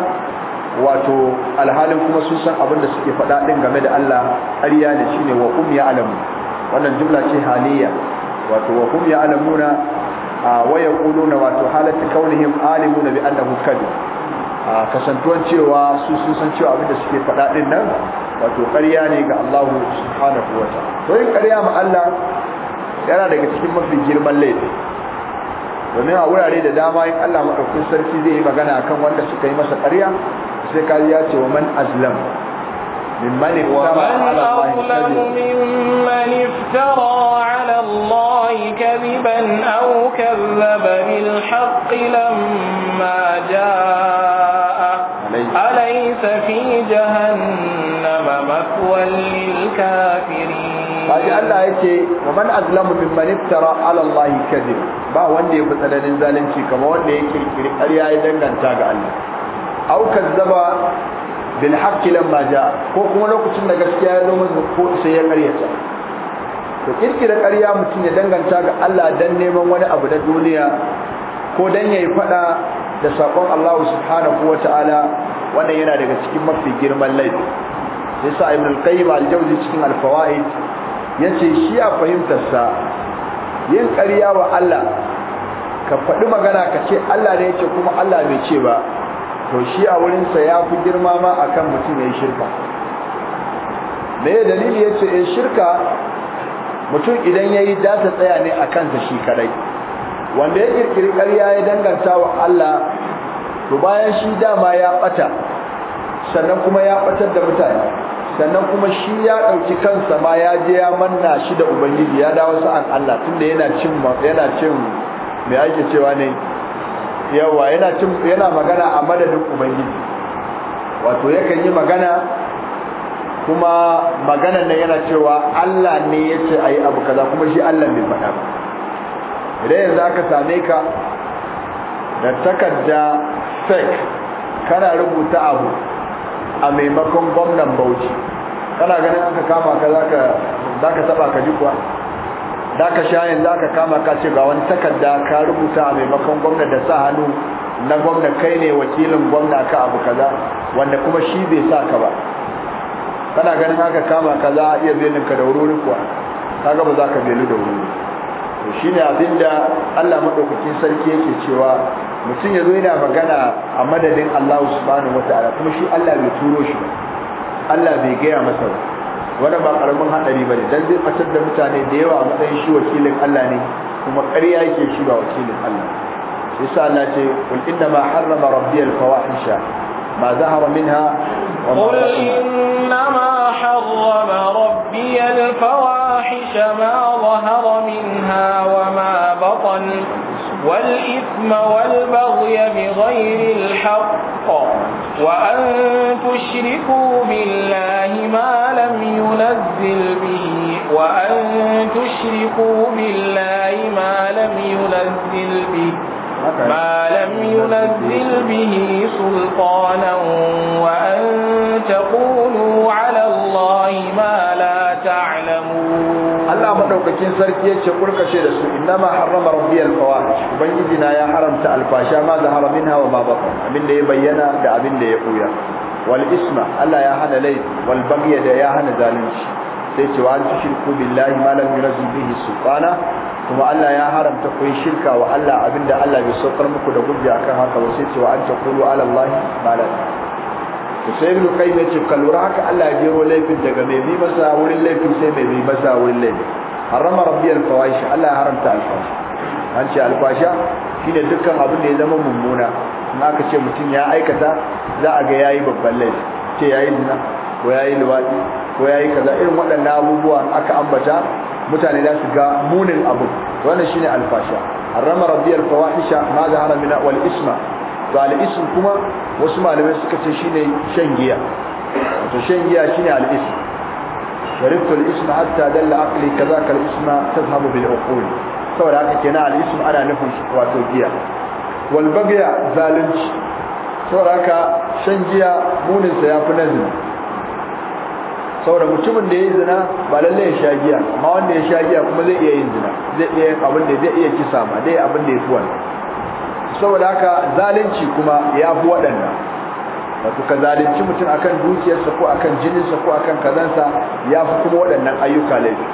wato alhalin kuma sun san abin da suke fada din game da Allah ƙarya ne shine wa hum ya'lamu wannan jumla ce haliya wato wa hum ya'lamuna wa yaquluna wato halatu kaunihim alimuna bi annahu kadhib kasantuwan cewa su sun san cewa abin da suke fada din nan wato ƙarya ne ga Allah subhanahu wa ta'ala to yin ƙarya ma Allah yana daga cikin mafi girman laifi domin a wurare da dama in Allah madaukakin sarki zai yi magana akan wanda suka yi masa ƙarya sai ka ya ce wa man azlam man iftara ala Allah kadiban aw kazzaba bil haqq la الكافرين Allah yake wa man azlamu mimman iftara ala Allah كذب ba wanda ya tsananin zalunci kamar wanda ya kirkiri ƙarya ya danganta ga Allah aw kazzaba bil haqq lamma jaa ko kuma lokacin da gaskiya ya zo masa ko sai ya ƙaryata to kirkira ƙarya mutum ya danganta ga Allah dan neman wani abu na duniya ko dan yayi fada da sakon Allah subhanahu wataala wannan yana daga cikin mafi girman laifi yasa ibn al-qayyim al-jawzi cikin al-fawaid yace shi a fahimtar sa yin ƙarya wa Allah ka faɗi magana ka ce Allah ne yake kuma Allah bai ce ba to shi a wurin sa yafi girma ma akan mutum yayin shirka me dalili yace eh shirka mutum idan yayi da ta tsaya ne akan sa shi kadai wanda ya kirkiri ƙarya ya danganta wa Allah to bayan shi dama ya bata sannan kuma ya batar da mutane sannan kuma shi ya ɗauki kansa ma ya je ya manna shi da ubangiji ya dawo sa'an Allah tunda yana cin yana cin me ake cewa ne yawa yana cin yana magana a madadin ubangiji wato yakan yi magana kuma maganan nan yana cewa Allah ne ya ce ayi abu kaza kuma shi Allah ne faɗa ba idan yanzu aka same ka da takarda fake kana rubuta abu a maimakon gwamnan bauchi kana ganin aka kama ka za ka taba ka ji kuwa za ka shayin za ka kama ka ce ga wani takarda ka rubuta a maimakon gwamna da sa hannu na gwamna kai ne wakilin gwamna ka abu kaza wanda kuma shi bai sa ka ba kana ganin haka kama ka za a iya zai ninka da wuri kuwa kaga ba za ka belu da wuri to shine abinda Allah madaukakin sarki yake cewa mutum zo yana magana a madadin Allah subhanahu wataala kuma shi Allah bai turo shi Allah bai gaya masa ba Wani ba karamin hadari bane dan zai fatar da mutane da yawa a matsayin shi wakilin Allah ne kuma ƙarya yake shi ba wakilin Allah shi sa Allah ce kul inna ma harrama al fawahisha ma zahara minha wa ma harrama الفواحش ما ظهر منها وما بطن والإثم والبغي بغير الحق وأن تشركوا بالله ما لم ينزل به وأن تشركوا بالله ما لم ينزل به ما لم ينزل به سلطانا وأن تقولوا Allah madaukakin sarki yace kurkace da su innama harrama rabbiyal fawahish ubangiji na ya haramta alfasha ma zahara hawa wa ma baqa abin da ya bayyana da abin da ya buya wal isma Allah ya hana laif wal baghy da ya hana zalunci sai ce wa tushriku billahi ma lam yunzil bihi subhana kuma Allah ya haramta ku shirka wa Allah abinda Allah bai saukar muku da hujja akan haka ba sai ce wa an ala Allah ma la sai ibn qayyim ya ce ka lura haka Allah ya jero laifin daga mai bi masa wurin laifin sai mai bi masa wurin laifin harama rabbiyal fawaish Allah ya haramta alfasha. an ce alfasha shine dukkan abin da ya zama mummuna in aka ce mutum ya aikata za a ga yayi babban laifi ce yayi zina ko yayi luwadi ko yayi kaza irin waɗannan abubuwa aka ambata mutane za su ga munin abu wannan shine alfasha harama rabbiyal fawaish ma zahara min wal isma to al'isin kuma wasu malamai suka ce shine shan giya wato shan giya shine al'isin sharibtu al'isma hatta dalla aqli kaza kal isma tazhabu bil uqul saboda haka kenan al'isin ana nufin wato giya wal bagya zalunci saboda haka shan giya munin sa yafi nazari saboda mutumin da ya yi zina ba lalle ya sha giya amma wanda ya sha giya kuma zai iya yin zina zai iya abin da zai iya kisa ma dai abin da ya fi saboda haka zalunci kuma ya fi waɗannan wato ka zalunci mutum akan dukiyarsa ko akan jininsa ko akan kazansa ya fi kuma waɗannan ayyuka laifi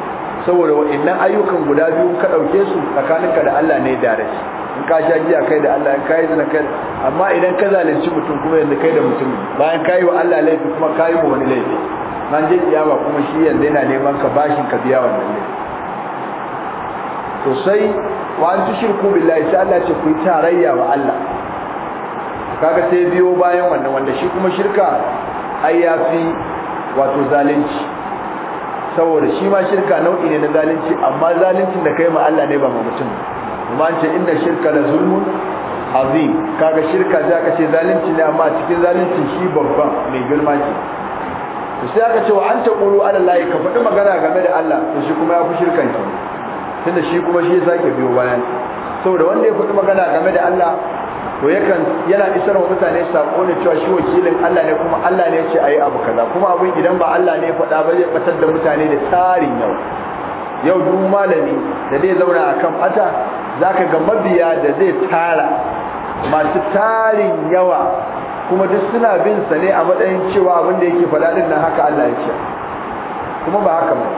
saboda waɗannan ayyukan guda biyu ka ɗauke su tsakaninka da Allah ne da rashi in ka sha giya kai da Allah in ka yi zina kai amma idan ka zalunci mutum kuma yanzu kai da mutum bayan ka yi wa Allah laifi kuma ka yi wa wani laifi nan je kiyama kuma shi yanzu yana neman ka bashin ka biya wannan laifi Sosai, wa an shirku billahi sai Allah ce ku yi tarayya wa Allah kaga sai biyo bayan wannan wanda shi kuma shirka ai yafi wato zalunci saboda shi ma shirka nau'i ne na zalunci amma zaluncin da kai ma Allah ne ba ma mutum kuma an ce inna shirka la zulmun azim kaga shirka za kace ce zalunci ne amma cikin zalunci shi babban mai girma ce to sai aka ce wa anta qulu ala allahi ka faɗi magana game da Allah to shi kuma ya fi shirkan ki tunda shi kuma shi sake biyo bayan saboda wanda ya faɗi magana game da Allah to yakan yana isar wa mutane sako ne cewa shi wakilin Allah ne kuma Allah ne ya ce ayi abu kaza kuma abin idan ba Allah ne ya faɗa ba zai batar da mutane da tsarin yau yau duk malami da zai zauna akan ata zaka ga mabiya da zai tara masu tarin yawa kuma duk suna bin sa ne a matsayin cewa abin da yake faɗa din nan haka Allah ya ce kuma ba haka ba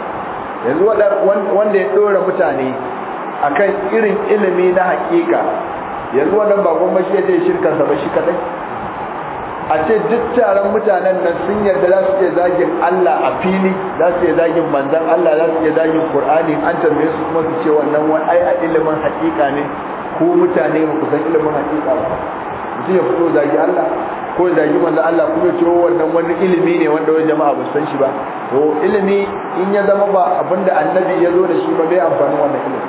yanzu wanda ya dora mutane akan irin ilimi na hakika yanzu wannan ba gwamma shi zai shirka sa ba shi kadai a ce duk taron mutanen nan sun yarda za su iya zagin Allah a fili za su iya zagin manzan Allah za su iya zagin Qur'ani an tambaye su kuma su ce wannan wani ai a ilimin hakika ne ko mutane ba ku san ilimin hakika ba mutum ya fito zagi Allah ko da ji manzo Allah kuma ce wannan wani ilimi ne wanda wai jama'a ba san shi ba to ilimi in ya zama ba abinda annabi ya zo da shi ba bai amfani wannan ilimi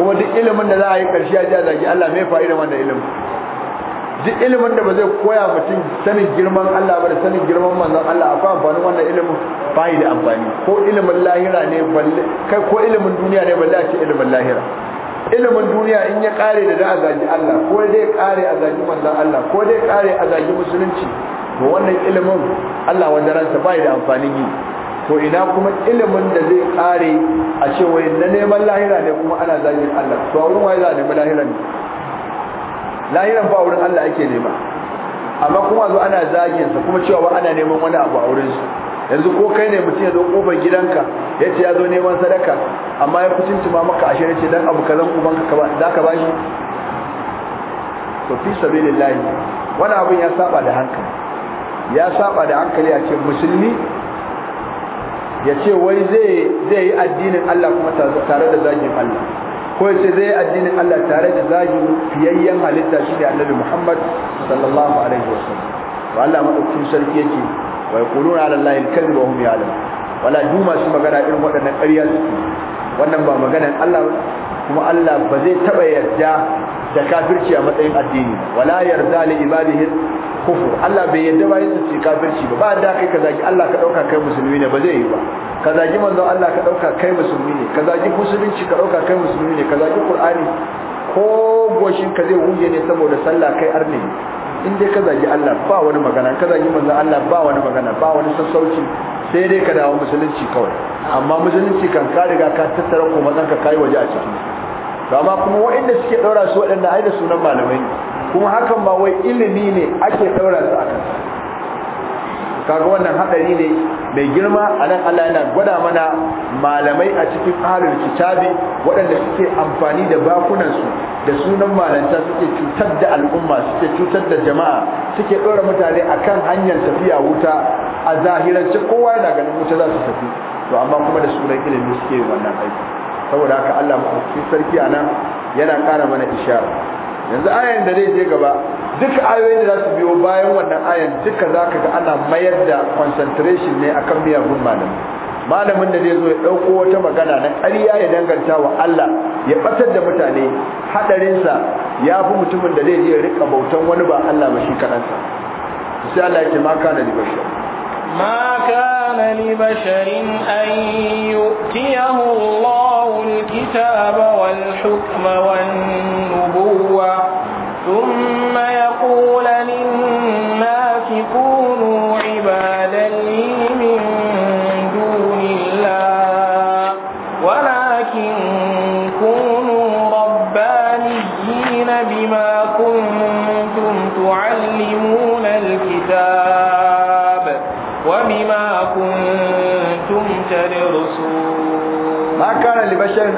kuma duk ilimin da za a yi karshe a ji zagi Allah mai fa'ida wannan ilimin duk ilimin da ba zai koya mutum sanin girman Allah ba da sanin girman manzon Allah akwai amfani wannan ilimin fa'ida da amfani ko ilimin lahira ne balle kai ko ilimin duniya ne balle a ce ilimin lahira ilimin duniya in ya kare da da zagi Allah ko dai kare a zagi Allah ko dai kare a musulunci to wannan ilimin Allah wanda ransa bai da amfanin yi to ina kuma ilimin da zai kare a ce wai na neman lahira ne kuma ana zagin Allah to wurin wai za a nemi lahiran ne lahiran ba wurin Allah ake nema amma kuma zo ana zagin sa kuma cewa ana neman wani abu a wurin shi yanzu ko kai ne mutum ya zo ƙofar gidanka ya ce ya zo neman sadaka amma ya kucinci ma maka ashe ya ce dan abu kazan ubanka za ka bashi to fi sabilillahi wani abin ya saba da hankali ya saba da hankali a ce musulmi ya ce wai zai yi addinin Allah kuma tare da zagin Allah ko ya ce zai yi addinin Allah tare da zagin fiyayyen halitta shi ne annabi Muhammad sallallahu alaihi wasallam Allah madaukakin sarki yake wa yaquluna ala allahi al-kadhiba wa hum ya'lamun wala du masu magana irin waɗannan ƙarya suke wannan ba magana Allah kuma Allah ba zai taɓa yarda da kafirci a matsayin addini wala yarda li ibadihi kufur Allah bai yarda ba yinsa ce kafirci ba ba da kai ka zagi Allah ka dauka kai musulmi ne ba zai yi ba ka zagi manzo Allah ka dauka kai musulmi ne ka zagi musulunci ka dauka kai musulmi ne ka zagi qur'ani ko goshin ka zai huye ne saboda sallah kai arne in dai ka zagi Allah ba wani magana ka zagi manzo Allah ba wani magana ba wani sassauci sai dai ka dawo musulunci kawai amma musulunci kan ka riga ka tattara ko mazan ka kai waje a ciki to amma kuma waɗanda suke daura su waɗanda ai da sunan malamai kuma hakan ba wai ilimi ne ake daura su akan kaga wannan hadari ne mai girma a nan Allah yana gwada mana malamai a cikin ahlul kitabi waɗanda suke amfani da bakunansu da sunan malanta suke cutar da al'umma suke cutar da jama'a suke ɗora mutane akan hanyar tafiya wuta a zahirance kowa yana ganin wuta za su tafi to amma kuma da sunan ilimi suke wannan aiki saboda haka Allah mu sarki anan yana ƙara mana ishara yanzu ayan da zai je gaba duk ayoyin da za su biyo bayan wannan ayan duka za ka ga ana mayar da concentration ne akan miyagun malamin malamin da zai zo ya ɗauko wata magana na ƙarya ya danganta wa Allah ya ɓatar da mutane haɗarinsa ya fi mutumin da zai je ya riƙa bautan wani ba Allah ba shi kaɗansa sai Allah ya ce ma kana li bashar ma kana li basharin an yu'tiyahu Allahu al-kitaba wal hukma wan nubuwwa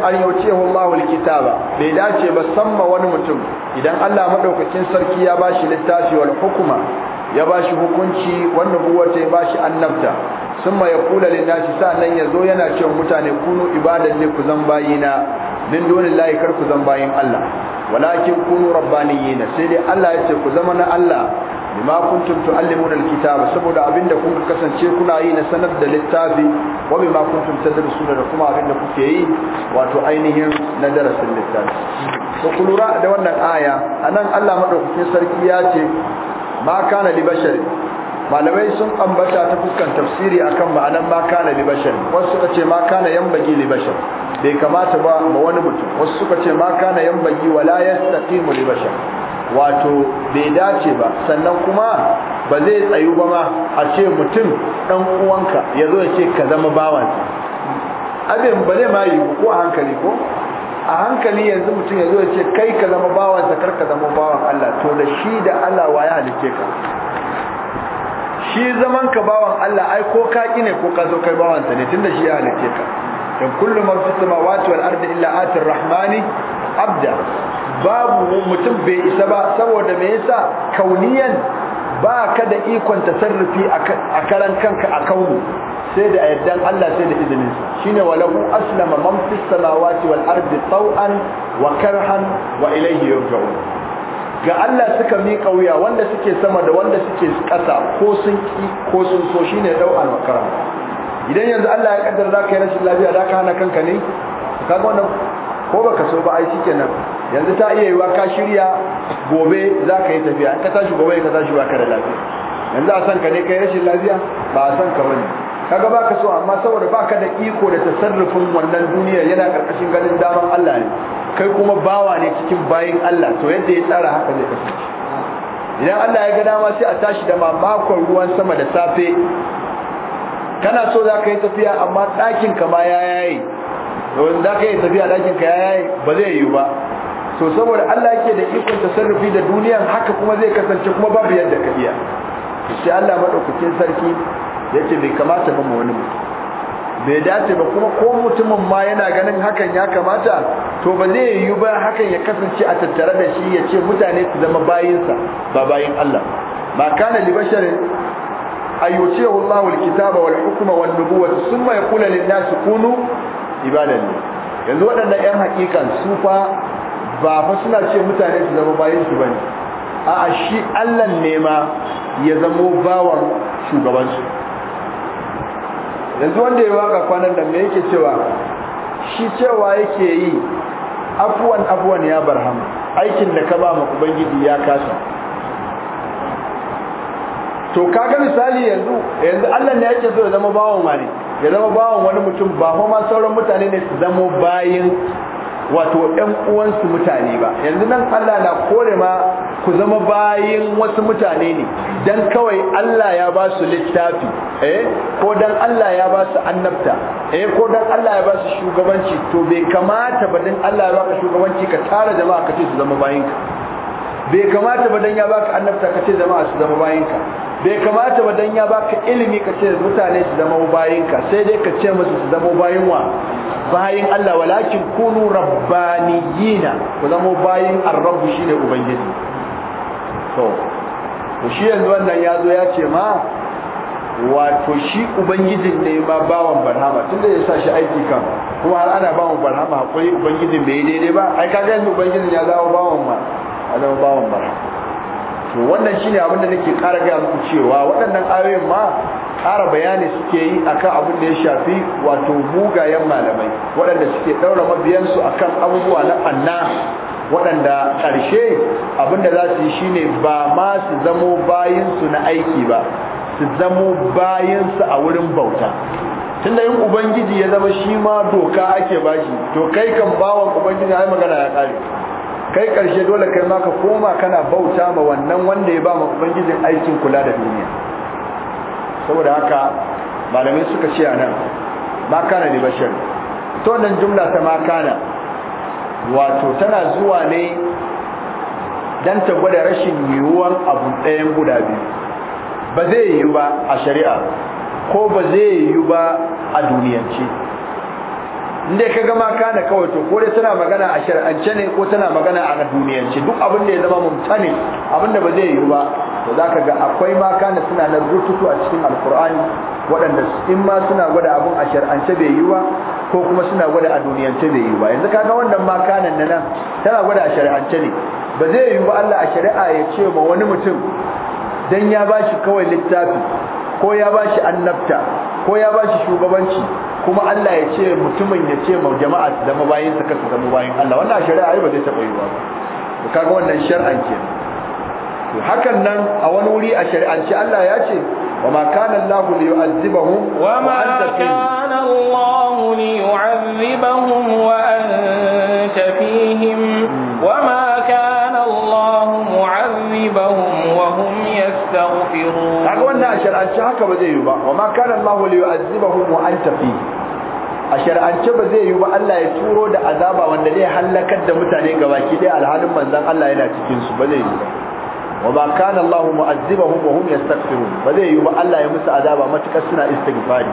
an yutihu Allahu ba. bai dace ba samma wani mutum idan Allah madaukakin sarki ya bashi littafi wal hukuma ya bashi hukunci wannan buwata ya bashi annabta summa kula lin nasi ya zo yana cewa mutane kunu ibadan ne ku zan bayina min dunillahi kar ku zan bayin Allah walakin kunu rabbaniyina sai dai Allah ya ce ku zama na Allah bima kuntum tu'allimuna alkitaba saboda abinda kuka kasance kuna yi na sanar da littafi wa bima kuntum tadrusuna da kuma abinda kuke yi wato ainihin na darasin littafi to ku lura da wannan aya anan Allah madaukakin sarki ya ce ma kana li bashar malamai sun ambata ta fuskan tafsiri akan ma'anan ma kana li bashar wasu suka ce ma kana yambagi li bashar bai kamata ba ma wani mutum wasu suka ce ma kana yambagi wala yastaqimu li bashar wato bai dace ba sannan kuma ba zai tsayu ba ma a ce mutum dan uwanka ya zo ya ce ka zama bawansa abin ba zai ma yi ko a hankali ko a hankali yanzu mutum ya zo ya ce kai ka zama bawansa kar ka zama bawan Allah to da shi da Allah wa ya halice ka shi zaman ka bawan Allah ai ko ka ne ko ka zo kai bawansa ne tunda shi ya halice ka Dan kullu ma fi samawati wal ardi illa atir rahmani abda babu mutum bai isa ba saboda me yasa kauniyan ba ka da ikon tasarrufi a karan kanka a kaunu sai da yardan Allah sai da izinin sa shine walahu aslama man fis samawati wal ardi taw'an wa karhan wa ilayhi yurja'un ga Allah suka miƙa wuya wanda suke sama da wanda suke ƙasa ko sun ki ko sun so shine dau'an wa karhan idan yanzu Allah ya kaddara zaka yi rashin lafiya zaka hana kanka ne kaga wannan ko baka so ba ai shikenan yanzu ta iya yiwa ka shirya gobe za ka yi tafiya ka tashi gobe ka tashi ba ka da lafiya yanzu a san ka ne kai rashin lafiya ba a san ka bane kaga baka so amma saboda baka da iko da tasarrufin wannan duniya yana karkashin ganin daman Allah ne kai kuma bawa ne cikin bayin Allah to yadda ya tsara haka zai kasance idan Allah ya ga dama sai a tashi da mamakon ruwan sama da safe kana so za ka yi tafiya amma ɗakin ka ma ya yayi wanda za ka yi tafiya dakin ka yayi ba zai yiwu ba to saboda Allah yake da ikon tasarrufi da duniyan haka kuma zai kasance kuma babu yadda ka iya shi Allah madaukakin sarki yace bai kamata ba wani bai dace ba kuma ko mutumin ma yana ganin hakan ya kamata to ba zai yiwu ba hakan ya kasance a tattare da shi ya ce mutane su zama bayinsa ba bayin Allah ba kana li basharin ayyucihu Allahu alkitaba wal hukma wan nubuwwata thumma yaqulu lin-nasi kunu ibadan ne yanzu waɗannan 'yan haƙiƙan su fa ba fa suna ce mutane su zama bayan su bane a shi allan nema ya zama bawan shugabansu yanzu wanda ya waka kwanan da mai yake cewa shi cewa yake yi afuwan afuwan ya barham aikin da ka ba kuma gidi ya kasa to kaga misali yanzu yanzu allan ne yake so ya zama bawan wani ya zama bawan wani mutum ba kuma sauran mutane ne su zama bayin wato ɗan uwansu mutane ba yanzu nan Allah na kore ma ku zama bayin wasu mutane ne dan kawai Allah ya ba su littafi eh ko dan Allah ya ba su annabta eh ko dan Allah ya ba su shugabanci to bai kamata ba dan Allah ya ba ka shugabanci ka tara jama'a ka ce su zama bayinka bai kamata ba dan ya ba ka annabta ka ce jama'a su zama bayinka bai kamata ba dan ya baka ilimi ka ce mutane su zama bayinka sai dai ka ce musu su zama bayin wa bayin Allah walakin kunu rabbaniyina ku zama bayin ar-rabb shine ubangiji to to shi yanzu wannan ya zo ya ce ma wato shi ubangijin ne ma bawan barhama tunda ya sa shi aiki kan kuma har ana bawan barhama akwai ubangijin bai daidai ba ai kaga yanzu ubangijin ya zama bawan ma a zama bawan barhama to wannan shine abin da nake ƙara gaya muku cewa waɗannan ayoyin ma ƙara bayani suke yi akan abin da ya shafi wato mugayen malamai waɗanda suke ɗaura mabiyansu akan abubuwa na anna waɗanda ƙarshe abin da za su yi shine ba ma su zamo bayinsu na aiki ba su zamo bayinsu a wurin bauta tunda yin ubangiji ya zama shi ma doka ake bashi to kai kan bawan ubangiji ai magana ya ƙare kai karshe dole kai ma ka koma kana bauta ma wannan wanda ya ba mu ubangijin aikin kula da duniya saboda haka malamai suka ce anan ma kana ne bashar to wannan jumla ta ma kana wato tana zuwa ne dan ta gwada rashin yiwuwan abu ɗayan guda biyu ba zai yiwu ba a shari'a ko ba zai yiwu ba a duniyance inda ka gama kana kawai to ko dai tana magana a shar'ance ne ko tana magana a duniyance duk abin da ya zama mumtani abin da ba zai yiwu ba to zaka ga akwai ma kana suna na rututu a cikin alqur'ani waɗanda in ma suna gwada abin a shar'ance bai yiwu ba ko kuma suna gwada a duniyance bai yiwu ba yanzu kaga wannan ma na nan tana gwada a shar'ance ne ba zai yiwu ba Allah a shari'a ya ce ma wani mutum dan ya bashi kawai littafi ko ya bashi annabta ko ya bashi shugabanci kuma Allah ya ce mutumin ya ce ma jama'a su zama bayin sa kasu zama bayin Allah wannan shari'a ai ba zai taɓa yi ba kaga wannan shar'an ke to hakan nan a wani wuri a shari'ance Allah ya ce wa ma kana Allah li yu'azzibahum wa ma kana Allah li yu'azzibahum wa anta kafirun kaga wannan a shar'ance haka ba zai yi ba wa ma kana Allah li yu'azzibahum wa anta fi a shar'ance ba zai yi ba Allah ya turo da azaba wanda zai halakar da mutane gabaki dai alhalin manzon Allah yana cikin su ba zai yi ba wa ma kana Allah mu'azzibahum wa hum yastaghfirun ba zai yi ba Allah ya musu azaba matukar suna istighfari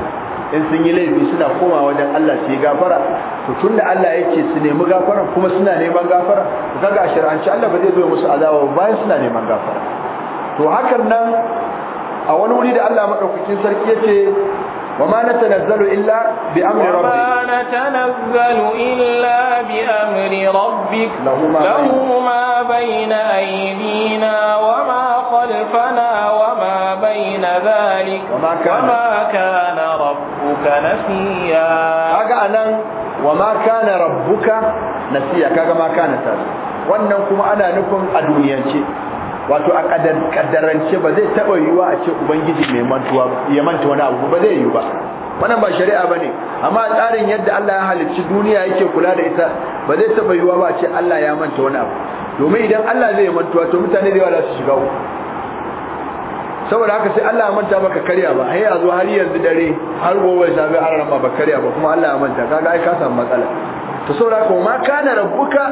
in sun yi laifi suna koma wajen Allah su yi gafara to tunda Allah yake su nemi gafara kuma suna neman gafara kaga a shar'ance Allah ba zai zo musu azaba bayan suna neman gafara to hakan nan a wani wuri da Allah madaukakin sarki yace wa ma natanazzalu illa bi amri wa ma natanazzalu illa bi amri rabbik lahu ma bayna aydina wa ma khalfana wa ma bayna dhalik wa ma kana rabbuka nasiya kaga anan wa ma kana rabbuka nasiya kaga ma kana ta wannan kuma ana nufin a duniyance wato a kaddarance ba zai taba yiwa a ce ubangiji mai mantuwa ya manta wani abu ba zai yi ba wannan ba shari'a bane amma tsarin yadda Allah ya halicci duniya yake kula da ita ba zai taba yiwa ba a ce Allah ya manta wani abu domin idan Allah zai mantuwa to mutane da yawa za su shiga saboda haka sai Allah ya manta baka karya ba ai a zo har yanzu dare har gobe safe har rama ba karya ba kuma Allah ya manta kaga ai ka samu matsala to saboda haka ma kana rabbuka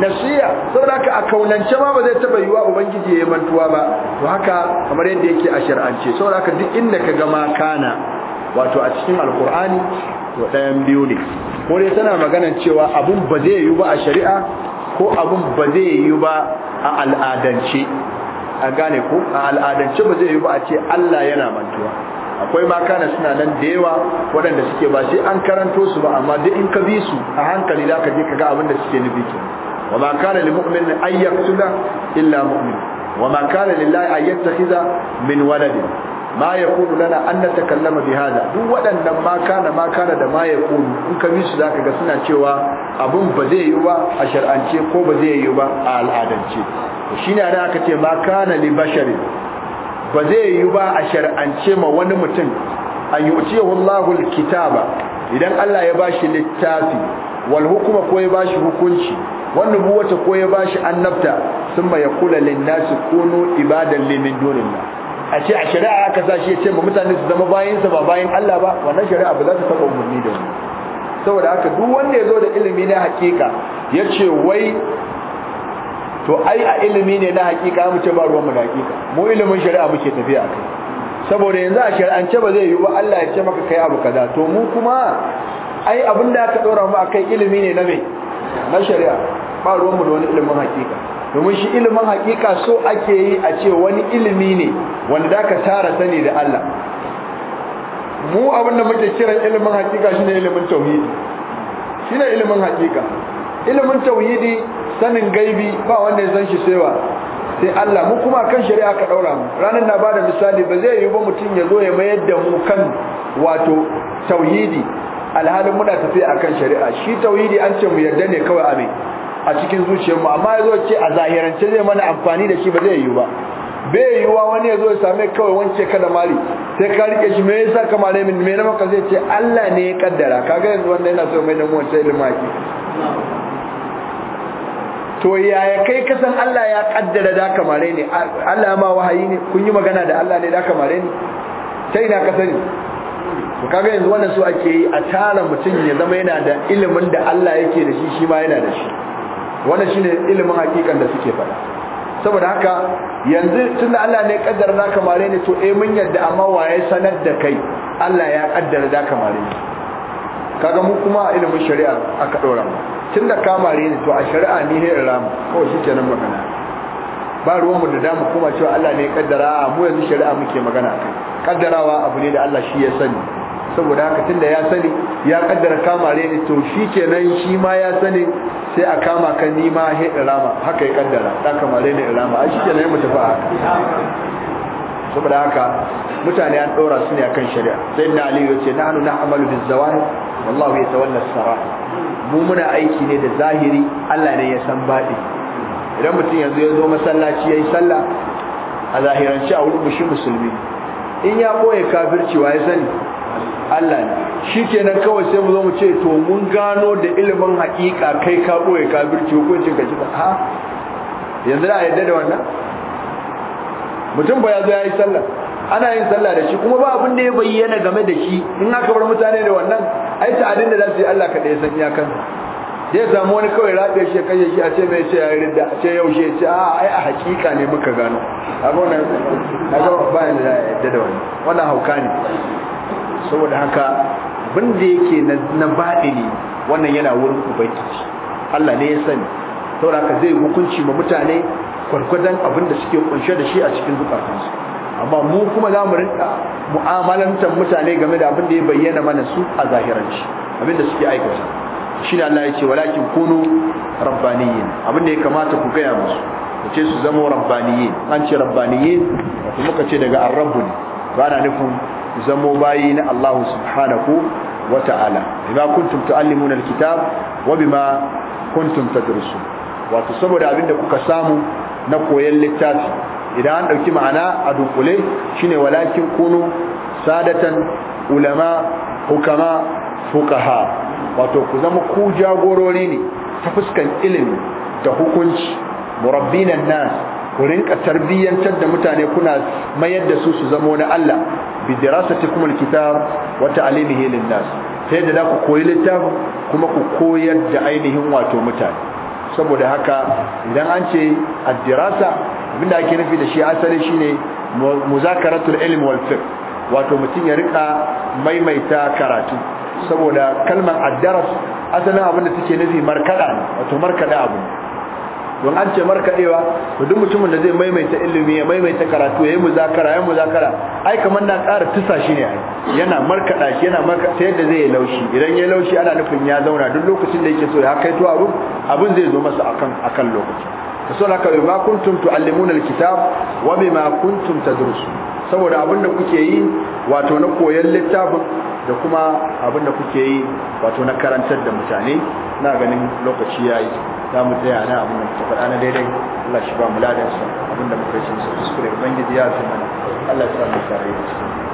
nasiya saboda haka a kaunance ma ba zai taba yiwa ubangiji ya yi mantuwa ba to haka kamar yadda yake a shar'ance saboda haka duk inda ka ga ma kana wato a cikin alkur'ani to ɗayan biyu ne ko dai tana magana cewa abun ba zai yiwu ba a shari'a ko abun ba zai yiwu ba a al'adance a gane ko a al'adance ba zai yiwu ba a ce Allah yana mantuwa akwai makana suna nan da yawa waɗanda suke ba sai an karanto su ba amma duk in ka bi su a hankali za ka je ka ga abin da suke nufi kenan wa ma kana lil mu'min an yaqtula illa mu'min wa ma lillahi an yattakhidha min waladin ma yakunu lana an natakallama bi duk waɗannan ma kana da ma in ka bi su zaka ga suna cewa abun ba zai yi ba a shar'ance ko ba zai yi ba a al'adance shine ana aka ce ma kana li basharin ba zai yi ba a ma wani mutum an yu'tiyahu idan Allah ya bashi littafi walhukuma ko ya bashi hukunci wannan buwata ko ya bashi annabta summa ya lin nasu, kunu ibadan li min a ce a shari'a aka sa ya ce ma mutane su zama bayin sa ba bayin Allah ba wannan shari'a ba za ta taba umurni da mu saboda haka duk wanda ya zo da ilimi na hakika ya ce wai to ai a ilimi ne na hakika mu ce ba ruwan mu da hakika mu ilimin shari'a muke tafiya kai saboda yanzu a ce ba zai yi ba Allah ya ce maka kai abu kaza to mu kuma ai abin da aka dora mu akai ilimi ne na me na shari'a ba ruwanmu da wani ilimin hakika domin shi ilimin hakika so ake yi a ce wani ilimi ne wanda da ka tara sani da Allah mu abinda muke kiran ilimin hakika shine ilimin tauhidi shine ilimin hakika ilimin tauhidi sanin gaibi ba wanda ya san shi saiwa sai Allah mu kuma kan shari'a ka daura mu ranar na bada misali ba zai yi ba mutum ya zo ya mayar da mu kan wato tauhidi alhalin muna tafiya akan shari'a shi tauhidi an ce mu yarda ne kawai amin a cikin zuciyarmu amma ya zo ce a zahirance zai mana amfani da shi ba zai yiwu ba bai wa wani ya zo ya same kawai wance ka da mali. sai ka rike shi me yasa ka mare min me na maka zai ce Allah ne ya kaddara kaga yanzu wannan yana so mai da mu wancan ilimin haƙi to yaya kai kasan Allah ya kaddara da ka mare ne Allah ma wahayi ne kun yi magana da Allah ne da ka mare ne Sai na ka sani to kaga yanzu wannan su ake yi a tara mutum ya zama yana da ilimin da Allah yake da shi shi ma yana da shi wannan shine ilimin hakikan da suke faɗa saboda haka yanzu tunda Allah ne ya kaddara da kamare ne ni to eh mun yadda amma waye sanar da kai Allah ya kaddara da kamare ne kaga mu kuma ilimin shari'a aka ɗora mu tunda kamare ne ni to a shari'a ni ne mu kawai shi kenan magana ba ruwan mu da damu kuma cewa Allah ne ya kaddara mu yanzu shari'a muke magana kai kaddarawa abu ne da Allah shi ya sani saboda haka tunda ya sani ya kaddara kamare ne to shi kenan shi ma ya sani sai a kama ka nima he irama haka ya kaddara ta kamare da irama a shike ne mu tafi haka saboda haka mutane an dora su ne akan shari'a sai na aliyu yace nahnu na'malu bizawahir wallahu yatawalla as mu muna aiki ne da zahiri Allah ne ya san baɗi idan mutum yanzu ya zo masallaci ya yi sallah a zahirance a wurin mushi musulmi in ya ɓoye kafirci wa ya sani Allah ne shi kenan kawai sai mu zo mu ce to mun gano da ilimin haƙiƙa kai ka ɓoye ka kafirci hukuncin ka ci ha yanzu da a yadda da wannan mutum ba ya zo ya yi sallah ana yin sallah da shi kuma ba abin da ya bayyana game da shi in aka bar mutane da wannan ai adin da za su yi Allah kaɗai ya san iyakansa da ya samu wani kawai raɗe shi kashe shi a ce mai ce ya yi ridda a ce yaushe ya ce a ai a hakika ne muka gano a ga wannan ba ya yadda da wannan wannan hauka ne saboda haka abin da yake na baɗini wannan yana wurin ubangiji Allah ne ya sani saboda haka zai hukunci ma mutane kwarkwadan abin da suke kunshe da shi a cikin zukatansu amma mu kuma za mu rinka mu'amalantar mutane game da abin da ya bayyana mana su a zahiranci abin da suke aikata Shina Allah ya ce walakin kunu rabbaniyin abin da ya kamata ku gaya musu ku ce su zama rabbaniyin an ce rabbaniyin wato muka ce daga arrabu ba na nufin ku zamo bayi na Allah subhanahu wa ta'ala bima kuntum tu'allimuna alkitab wa bima kuntum tadrusun wato saboda abinda kuka samu na koyon littafi idan an ɗauki ma'ana a dunkule shine walakin kunu sadatan ulama hukama fukaha wato ku zama ku jagorori ne ta fuskan ilimi da hukunci murabbinan na. ku rinka tarbiyyantar da mutane kuna mayar da su su zamo na Allah bi kuma alkitab wa ta'limihi lin-nas sai da ku koyi littafin kuma ku koyar da ainihin wato mutane saboda haka idan an ce ad-dirasa abinda ake nufi da shi asali shine muzakaratul ilm wal fiqh wato mutum ya rika maimaita karatu saboda kalmar ad-daras asalin abinda take nufi markada wato markada abu don an ce ɗewa to duk mutumin da zai maimaita ilimi ya maimaita karatu ya yi muzakara ya muzakara ai kamar na ƙara tusa shi ne ai yana markaɗa shi yana marka ta yadda zai yi laushi idan ya laushi ana nufin ya zauna duk lokacin da yake so ya kai to abin zai zo masa akan akan lokaci na kawai ma kuntum tuallimuna alkitab wa bima kuntum tadrusu saboda abin da kuke yi wato na koyon littafin da kuma abin da kuke yi wato na karantar da mutane na ganin lokaci yayi za mu tsaya na abin da muka faɗa na daidai Allah shi ba mu ladan sa abin da muka yi sun kuskure ubangiji ya fi mana Allah ya sa mu tare da su